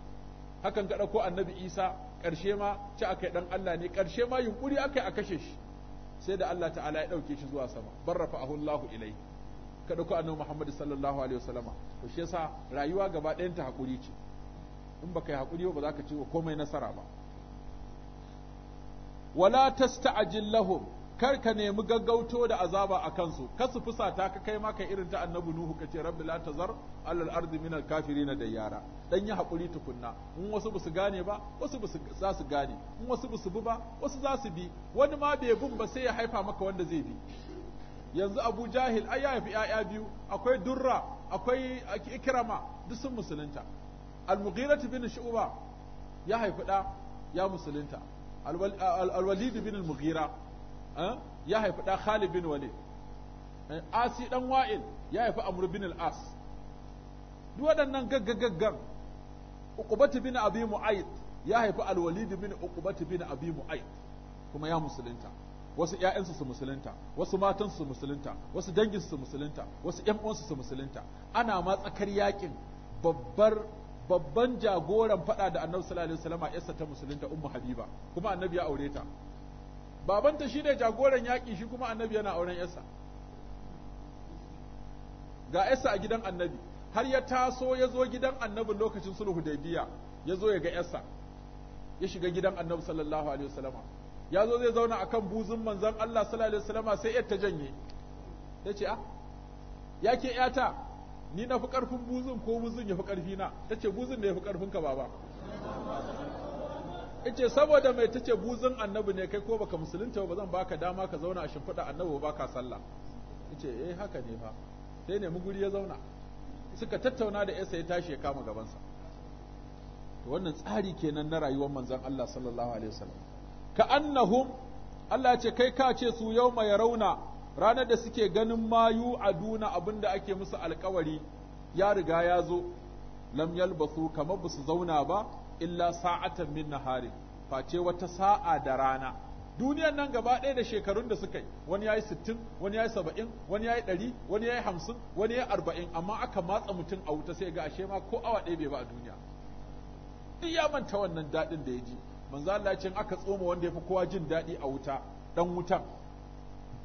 hakan ka ɗauko annabi Isa ƙarshe ma ci aka ɗan Allah ne ƙarshe ma yunkuri aka a kashe shi sai da Allah ta'ala ya ɗauke shi zuwa sama barrafa ahullahu ilai ka ɗauko annabi Muhammad sallallahu alaihi wasallama to shi yasa rayuwa gaba ɗayan ta haƙuri ce in baka yi haƙuri ba za ka ci komai nasara ba wala tasta'jil lahum kar ka nemi gaggauto da azaba a kansu ka su fusata ka kai maka irin ta annabi nuhu kace rabbi la tazar alal ardi min al kafirin da yara dan yi hakuri tukunna in wasu su gane ba wasu basu za su gane in wasu su bi ba wasu za su bi wani ma bai bin ba sai ya haifa maka wanda zai bi yanzu abu jahil ai ya haifi yaya biyu akwai durra akwai ikrama duk sun musulunta al-mughira bin shu'ba ya haifi da ya musulunta al-walid bin al-mughira Eh? ya haifi ɗa Khalid bin Wale. Eh, Asi ɗan Wa'il ya haifi Amr bin al-As duk waɗannan gaggagaggan Uqbat bin Abi Mu'ayt ya haifi Al-Walid bin Uqbat bin Abi Mu'ayt kuma ya musulunta wasu ‘ya'yansu su musulunta, wasu matansu su musulunta, wasu danginsu su musulunta, wasu ‘yan'uwansu su musulunta, ana ma tsakar yakin babbar babban jagoran faɗa da annabi sallallahu alaihi wasallam yarsa ta musulunta ummu habiba kuma annabi ya aure ta babanta shi ne jagoran yaƙi shi kuma annabi yana auren yasa ga yasa a gidan annabi har ya taso ya zo gidan Annabi lokacin sulhu da biya, ya zo ya ga yasa ya shiga gidan annabi sallallahu alaihi wasallama ya zo zai zauna akan buzun manzon Allah sallallahu alaihi wasallama sai yar ta janye ta ce ah yake yata ni na fi karfin buzun ko buzun ya fi karfi na ta ce buzun ne ya fi karfin ka baba yace saboda mai tace buzun annabi ne kai ko baka musulunta ba zan baka dama ka zauna a shimfiɗa annabi ba ka sallah yace eh haka ne fa sai ne muguri ya zauna suka tattauna da yasa ya tashi ya kama gabansa to wannan tsari kenan na rayuwar manzon Allah sallallahu alaihi wasallam ka annahum Allah ce kai ka ce su yau yauma rauna ranar da suke ganin mayu aduna abinda ake musu alkawari ya riga ya zo lam yalbasu kamar ba su zauna ba illa sa'atan min nahari face wata sa'a da rana duniyan nan gaba ɗaya da shekarun da suka yi wani yayi sittin, wani yayi saba'in, wani yayi ɗari, wani yayi hamsin, wani yayi arba'in. amma aka matsa mutum a wuta sai ga ashe ma ko awa ɗaya bai ba a duniya duk ya manta wannan daɗin da ya ji manzo Allah ya ce aka tsoma wanda ya fi kowa jin daɗi a wuta dan wutan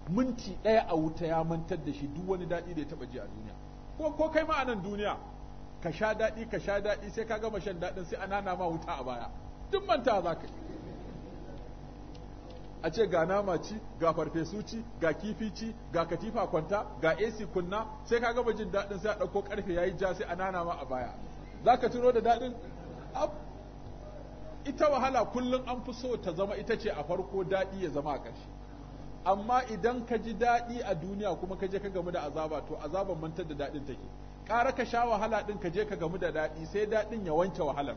minti ɗaya a wuta ya mantar da shi duk wani daɗi da ya taɓa ji a duniya ko ko kai ma a nan duniya ka sha daɗi ka sha daɗi sai ka gama shan daɗin sai anana ma wuta a baya duk manta za ka a ce ga nama ci ga farfesu ci ga kifi ci ga katifa kwanta ga AC kunna sai ka gama jin daɗin sai a ɗauko ƙarfe ya yi ja sai anana ma a baya za ka tuno da daɗin ita wahala kullum an fi so ta zama ita ce a farko daɗi ya zama a ƙarshe amma idan ka ji daɗi a duniya kuma ka je ka gamu da azaba to azaban mantar da daɗin take ƙara ka sha wahala ɗin ka je ka gamu da daɗi sai daɗin ya wanke wahalar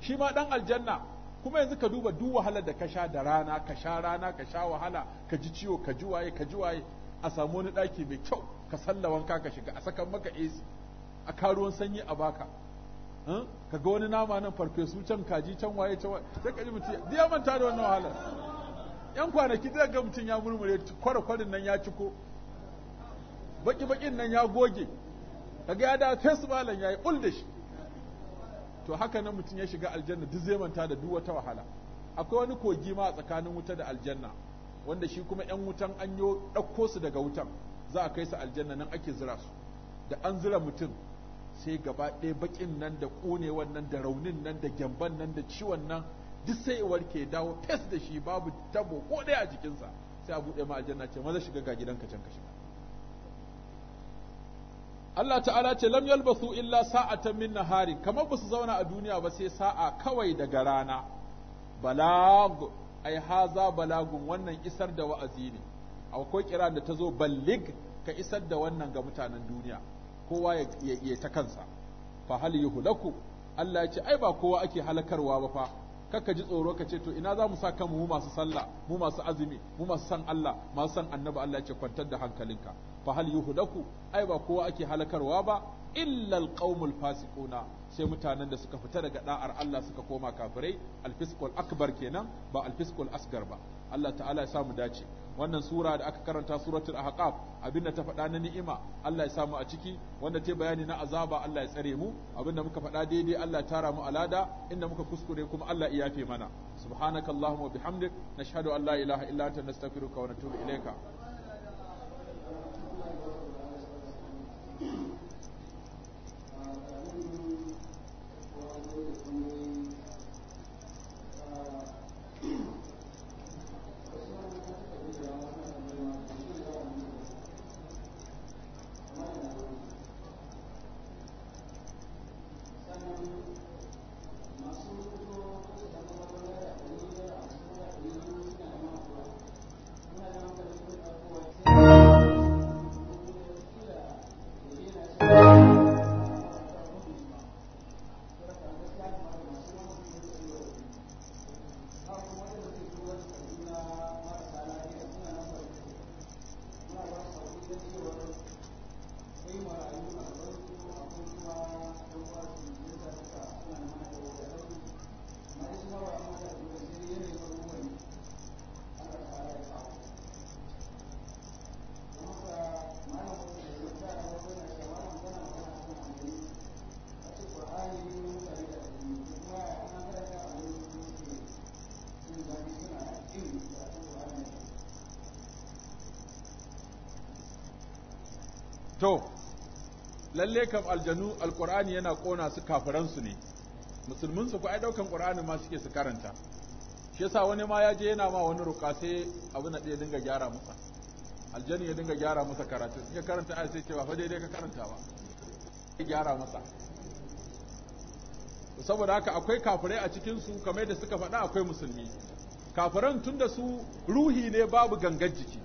shi ma ɗan aljanna kuma yanzu ka duba duk wahalar da ka sha da rana ka sha rana ka sha wahala ka ji ciwo ka ji waye ka ji waye a samu wani ɗaki mai kyau ka salla wanka ka shiga a sakan maka AC a karuwan sanyi a baka ka ga wani nama nan farfesu can kaji can waye can waye sai ka ji mutum ya manta da wannan wahalar yan kwanaki zai ga mutum ya murmure kwarakwarin nan ya ciko baki-bakin nan ya goge kaga ya da fes malam yayi ul da shi to haka nan mutum ya shiga aljanna duk zai manta da duk wata wahala akwai wani kogi ma a tsakanin wuta da aljanna wanda shi kuma yan wutan an yo ɗauko su daga wutan za a kai su aljanna nan ake zira su da an zira mutum sai gaba ɗaya bakin nan da ƙonewan nan da raunin nan da gyamban nan da ciwon nan duk sai warke dawo fes da shi babu tabo ko ɗaya a jikinsa sai a buɗe ma aljanna ce maza shiga ga gidanka can ka shiga Allah ta'ala ce lam yalbasu illa sa'atan min nahari kamar ba su zauna a duniya ba sai sa'a kawai daga rana balag ai haza balagun wannan isar da wa'azi ne akwai kira da ta zo ballig ka isar da wannan ga mutanen duniya kowa ya ta kansa fa hal yuhlaku Allah ya ce ai ba kowa ake halakarwa ba fa kakka ji tsoro ka ce to ina za mu sa kanmu mu masu sallah mu masu azumi mu masu san Allah masu san annabi Allah ya ce kwantar da hankalinka fa hal yuhdaku ai ba kowa ake halakarwa ba illa alqaumul fasiquna sai mutanen da suka fita daga da'ar Allah suka koma kafirai alfiskol akbar kenan ba alfiskol asgar ba Allah ta'ala ya samu dace wannan sura da aka karanta suratul ahqaf abinda ta faɗa na ni'ima Allah ya samu a ciki wanda ta bayani na azaba Allah ya tsare mu abinda muka faɗa daidai Allah ya tara mu alada inda muka kuskure kuma Allah ya yafe mana subhanakallahumma bihamdik nashhadu an la ilaha illa anta nastaghfiruka wa natubu ilayka lalle kam aljanu alqur'ani yana kona su kafiran su ne musulmin su ko ai daukan qur'ani ma suke su karanta shi yasa wani ma yaje yana ma wani ruka sai abu na ɗaya dinga gyara masa aljani ya dinga gyara masa karatu sai karanta ai sai ce ba fa daidai ka karanta ba ya gyara masa saboda haka akwai kafirai a cikin su kamar da suka faɗa akwai musulmi kafiran da su ruhi ne babu gangar jiki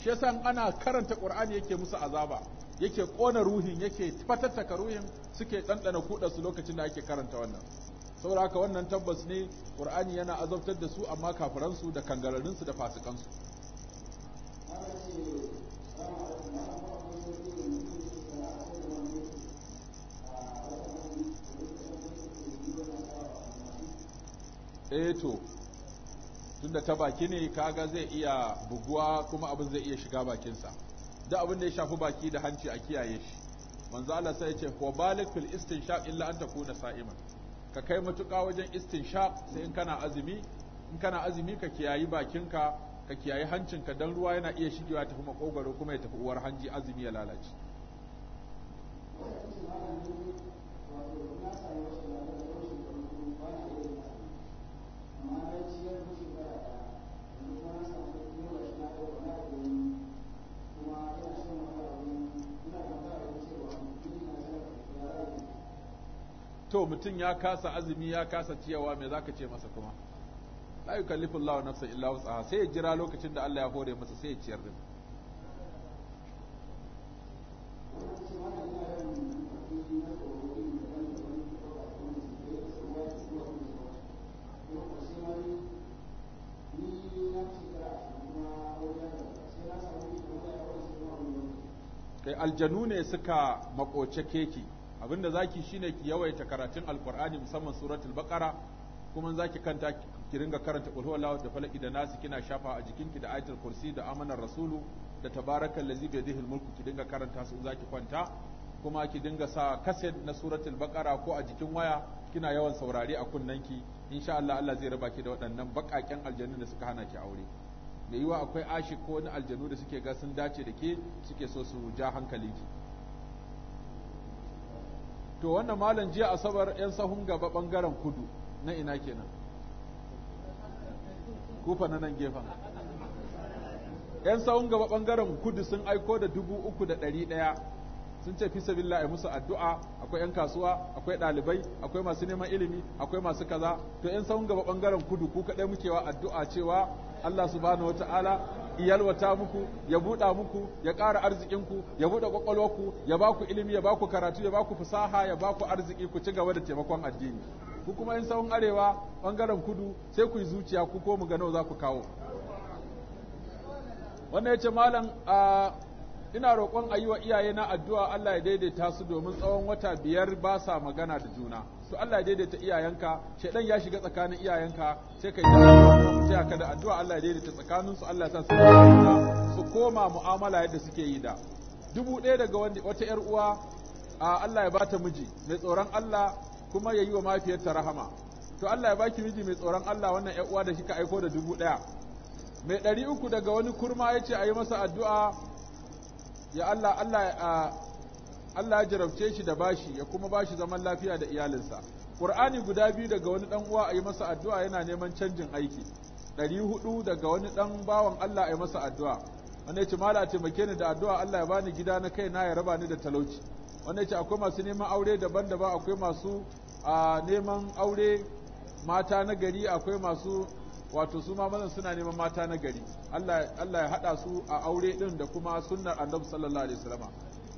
shi yasa ana karanta qur'ani yake musu azaba yake kona ruhin yake fatattaka ruhin suke ɗanɗana kuɗa su lokacin da ake karanta wannan saboda haka wannan tabbas ne qur'ani yana azabtar da su amma su da kangararinsu da fasikansu eh to tunda ta baki ne kaga zai iya buguwa kuma abin zai iya shiga bakinsa da abin da ya shafi baki da hanci a kiyaye shi manzo Allah sai ya ce wa balik fil istinshaq illa an takuna sa'iman ka kai matuƙa wajen istinshaq sai in kana azumi in kana azumi ka kiyayi bakinka ka kiyayi hancinka dan ruwa yana iya shigewa tafi makogaro kuma ya tafi uwar hanji azumi ya lalace to mutum ya kasa azumi ya kasa ciyawa me zaka ce masa kuma la yukallifu Allahu nafsan illa wus'aha sai ya jira lokacin da Allah ya hore masa sai ya ciyar kai aljanu ne suka makoce keke abinda zaki shine ki yawaita karatun alqur'ani musamman suratul baqara kuma zaki kanta ki ringa karanta qul huwallahu da falaki da nasu kina shafa a jikinki da ayatul kursi da amanar rasulu da tabarakal ladzi bi yadihi almulku ki dinga karanta su zaki kwanta kuma ki dinga sa kaset na suratul baqara ko a jikin waya kina yawan saurare a kunnanki insha Allah Allah zai raba ki da waɗannan baƙaƙen aljannu da suka hana ki aure mai yiwa akwai ashi ko wani aljanu da suke ga sun dace da ke suke so su ja hankali ki to wannan malam jiya asabar yan sahun gaba bangaren kudu na ina kenan kufa na nan gefen yan sahun gaba bangaren kudu sun aiko da dubu uku da ɗari ɗaya sun ce fi sabilla a musu addu'a akwai yan kasuwa akwai ɗalibai akwai masu neman ilimi akwai masu kaza to yan sahun gaba bangaren kudu ku kaɗai muke wa addu'a cewa Allah subhanahu wataala yalwata muku ya buɗa muku ya ƙara arzikinku ya buɗe ƙwaƙwalwarku ya ba ku ilimi ya ba ku karatu ya ba ku fasaha ya ba ku arziki ku ci gaba da taimakon addini ku kuma in sahun arewa ɓangaren kudu sai ku yi zuciya ku ko mu ga nawa za ku kawo wannan ya ce malam a ah, ina roƙon a yi wa iyayena addu'a Allah ya daidaita su domin tsawon wata biyar ba sa magana da juna to Allah ya daidaita iyayenka shedan ya shiga tsakanin iyayenka sai kai da mutum ya kada addu'a Allah ya daidaita tsakanin su Allah ya sa su koma mu'amala yadda suke yi da dubu ɗaya daga wanda wata 'yar uwa Allah ya bata miji mai tsoron Allah kuma ya yi wa mahaifiyarta rahama to Allah ya baki miji mai tsoron Allah wannan 'yar uwa da kika aiko da dubu ɗaya mai ɗari uku daga wani kurma ya ce a yi masa addu'a ya Allah Allah Allah ya jarabce shi da bashi ya kuma bashi zaman lafiya da iyalinsa Qur'ani guda biyu daga wani dan uwa a yi masa addu'a yana neman canjin aiki ɗari hudu daga wani dan bawan Allah a masa addu'a wanda yace ce taimake ni da addu'a Allah ya bani gida na kai na ya raba ni da talauci wanda yace akwai masu neman aure daban-daban akwai masu neman aure mata na gari akwai masu wato su ma mazan suna neman mata na gari Allah ya hada su a aure din da kuma sunnar Annabi sallallahu alaihi wasallam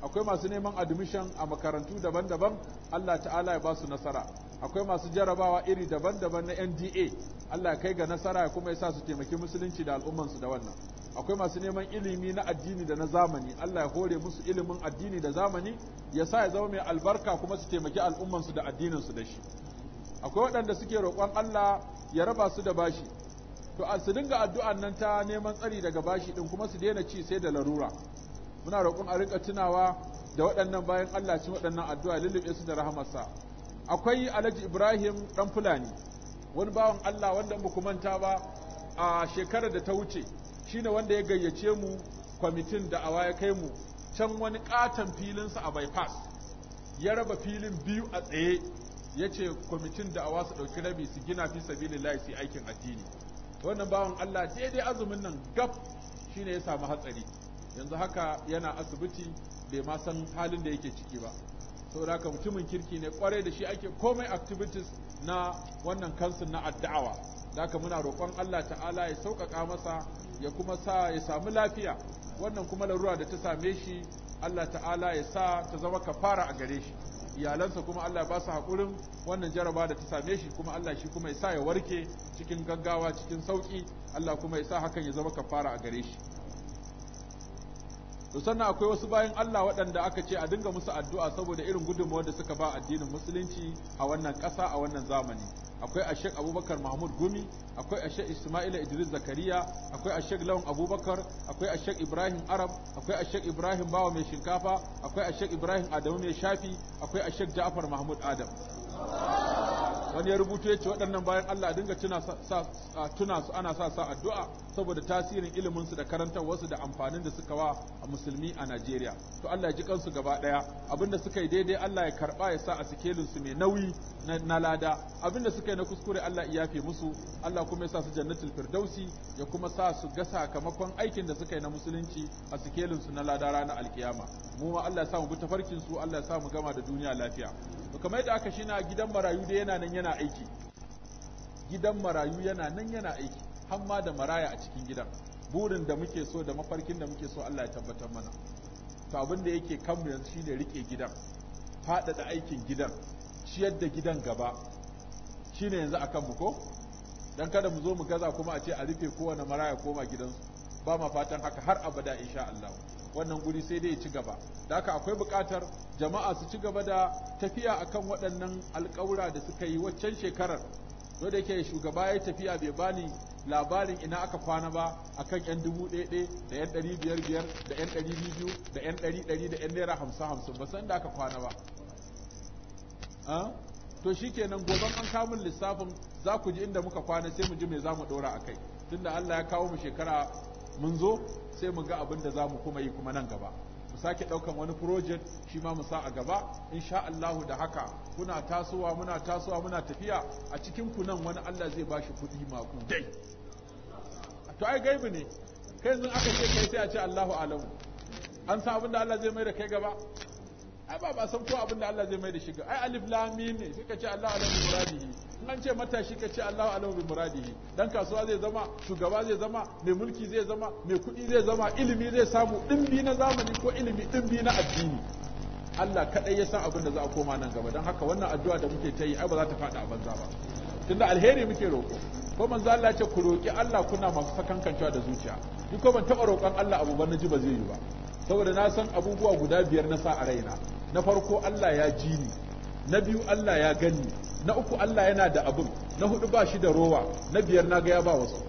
akwai masu neman admission a makarantu daban-daban Allah ta'ala ya ba su nasara akwai masu jarabawa iri daban-daban na NDA Allah ya kai ga nasara kuma ya sa su taimaki musulunci da al'umman su da wannan akwai masu neman ilimi na addini da na zamani Allah ya hore musu ilimin addini da zamani ya sa ya zama mai albarka kuma su taimaki al'umman su da addinin su da shi akwai waɗanda suke roƙon Allah ya raba su da bashi to a su dinga addu'an nan ta neman tsari daga bashi din kuma su daina ci sai da larura muna roƙon a rinka tunawa da waɗannan bayan Allah cin waɗannan addu'a lullube su da rahamarsa akwai Alhaji Ibrahim dan Fulani wani bawan Allah wanda ba ku manta ba a shekarar da ta wuce shine wanda ya gayyace mu kwamitin da awa ya kai mu can wani katon filinsa a bypass ya raba filin biyu a tsaye ya ce kwamitin da awa su ɗauki rabi su gina fi sabilillahi su aikin addini wannan bawan Allah daidai azumin nan gab shine ya samu hatsari yanzu haka yana asibiti bai ma san halin da yake ciki ba saboda haka mutumin kirki ne kwarai da shi ake komai activities na wannan kansu na addawa haka muna roƙon Allah ta'ala ya sauƙaƙa masa ya kuma sa ya samu lafiya wannan kuma larura da ta same shi Allah ta'ala ya sa ta zama kafara a gare shi iyalansa kuma Allah ba su haƙurin wannan jaraba da ta same shi kuma Allah shi kuma ya sa ya warke cikin gaggawa cikin sauƙi Allah kuma ya sa hakan ya zama kafara a gare shi to sannan akwai wasu bayan Allah waɗanda aka ce a dinga musu addu'a saboda irin gudunmawar da suka ba addinin musulunci a wannan ƙasa a wannan zamani akwai ashek abubakar mahmud gumi akwai ashek ismaila idris zakariya akwai ashek lawan abubakar akwai ashek ibrahim arab akwai ashek ibrahim bawa mai shinkafa akwai ashek ibrahim adamu mai shafi akwai ashek ja'far mahmud adam wani ya rubuto ya ce waɗannan bayan Allah a dinga tuna su ana sa sa addu'a saboda tasirin iliminsu su da karantarwarsu da amfanin da suka wa a musulmi a Najeriya to Allah ya ji kansu gaba ɗaya abinda suka yi daidai Allah ya karɓa ya sa a sikelin su mai nauyi na lada abinda suka yi na kuskure Allah ya yafe musu Allah kuma ya sa su jannatul firdausi ya kuma sa su ga sakamakon aikin da suka yi na musulunci a sikelinsu na lada ranar alkiyama mu ma Allah ya sa mu bi tafarkin su Allah ya sa mu gama da duniya lafiya to kamar yadda aka shi na gidan marayu da yana nan yana aiki gidan marayu yana nan yana aiki hamma da maraya a cikin gidan burin da muke so da mafarkin da muke so Allah ya tabbatar mana to abin da yake kanmu yanzu shine rike gidan faɗaɗa aikin gidan ciyar da gidan gaba shine yanzu akan mu ko dan kada mu zo mu gaza kuma a ce a rufe kowane maraya koma gidansu ba ma fatan haka har abada insha Allah wannan guri sai dai ya ci gaba da haka akwai buƙatar jama'a su ci gaba da tafiya akan waɗannan alƙawura da suka yi waccan shekarar to da yake shugaba ya tafiya bai bani labarin ina aka kwana ba akan yan dubu ɗaya da yan ɗari biyar biyar da yan ɗari biyu da yan ɗari ɗari da yan naira hamsin hamsin ba san da aka kwana ba to shikenan goban an kamun lissafin za ku ji inda muka kwana sai mu ji mai za mu ɗora a kai tunda Allah ya kawo mu shekara mun zo sai mu ga abin da za mu kuma yi kuma nan gaba mu sake ɗaukan wani project shi ma mu sa a gaba insha Allah da haka kuna tasowa muna tasowa muna tafiya a cikin ku nan wani Allah zai ba shi kuɗi dai. to ai gaibi ne kai yanzu aka ce kai sai a ce Allahu alamu an san abin da Allah zai mai da kai gaba ai ba ba san ko abin da Allah zai mai da shi ga ai alif lam mim ne sai ka ce Allahu muradihi in an ce matashi ka ce Allahu alahu bi muradihi dan kasuwa zai zama shugaba zai zama mai mulki zai zama mai kuɗi zai zama ilimi zai samu dimbi na zamani ko ilimi dimbi na addini Allah kadai ya san abin da za a koma nan gaba don haka wannan addu'a da muke ta yi ai ba za ta faɗi a banza ba tunda alheri muke roƙo ko manzo Allah ce ku roƙi Allah kuna masu sakankancewa da zuciya duk ko ban taɓa roƙon Allah abu ba na ji ba zai yi ba saboda na san abubuwa guda biyar na sa a raina na farko Allah ya ji ni na biyu Allah ya gani na uku Allah yana da abun, na hudu ba shi da rowa na biyar na ga ya ba wasu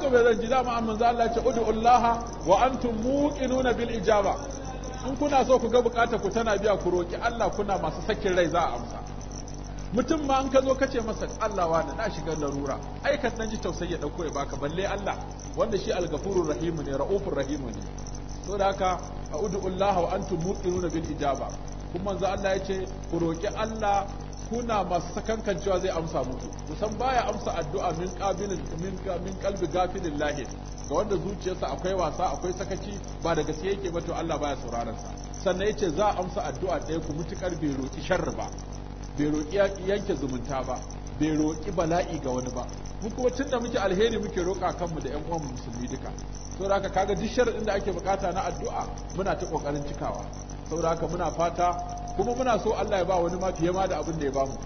Duk da zan ji dama amma Allah ce ud'u Allah wa antum muqinuna bil ijaba in kuna so ku ga bukata ku tana biya ku roki Allah kuna masu sakin rai za a amsa mutum ma an ka zo kace masa Allah wani na shiga larura ai ka dan ji tausayi ya dauko ya baka balle Allah wanda shi al gafurur rahimu ne raufur rahimu ne to da haka a udu Allah wa antum muqinuna bil ijaba kuma manzo Allah yace ku roki Allah kuna masu sakankan cewa zai amsa muku kusan baya amsa addu'a min qabilin min min qalbi gafilin lahi ga wanda zuciyarsa akwai wasa akwai sakaci ba da gaske yake ba to Allah baya sauraron sa sannan yace za a amsa addu'a ɗaya ku mutukar bai roki sharri ba bai roki yanke zumunta ba bai roƙi bala'i ga wani ba mu kuma tunda muke alheri muke roƙa kanmu da ƴan uwan musulmi duka saboda haka kaga duk sharaɗin da ake bukata na addu'a muna ta ƙoƙarin cikawa saboda haka muna fata kuma muna so Allah ya ba wani ma fiye ma da abin da ya bamu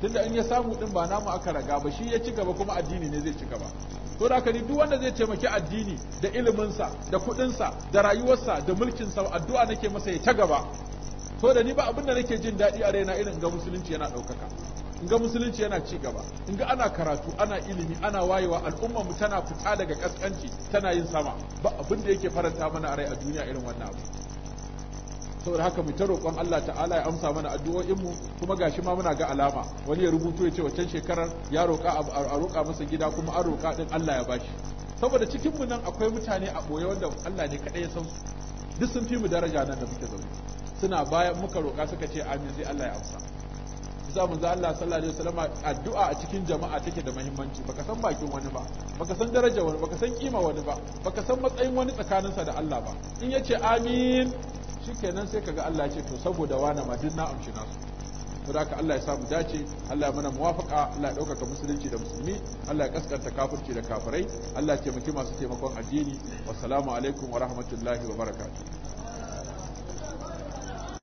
tunda in ya samu din ba namu aka raga ba shi ya ci gaba kuma addini ne zai ci gaba to da haka ni duk wanda zai taimaki addini da iliminsa da kuɗinsa da rayuwarsa da mulkinsa addu'a nake masa ya ta gaba to da ni ba abin da nake jin daɗi a raina irin ga musulunci yana ɗaukaka in ga musulunci yana ci gaba in ga ana karatu ana ilimi ana wayewa al'umma mu tana fita daga kaskanci tana yin sama ba abin da yake faranta mana a rai a duniya irin wannan abu saboda haka mu ta roƙon Allah ta'ala ya amsa mana addu'o'in mu kuma gashi ma muna ga alama wani ya rubuto ya ce wancan shekarar ya roƙa a roƙa masa gida kuma an roƙa din Allah ya bashi saboda cikin mu nan akwai mutane a boye wanda Allah ne kadai ya san su duk sun fi mu daraja nan da muke zaune suna bayan muka roƙa suka ce amin sai Allah ya amsa yasa manzo Allah sallallahu alaihi wasallam addu'a a cikin jama'a take da muhimmanci baka san bakin wani ba baka san daraja wani baka san kima wani ba baka san matsayin wani tsakaninsa da Allah ba in yace amin shikenan sai kaga Allah ya ce to saboda wani ma duk na amshi nasu saboda Allah ya samu dace Allah ya mana muwafaka Allah ya ɗaukaka musulunci da musulmi Allah ya kaskanta kafirci da kafirai Allah ya taimaki masu taimakon addini wassalamu alaikum wa rahmatullahi wa barakatuh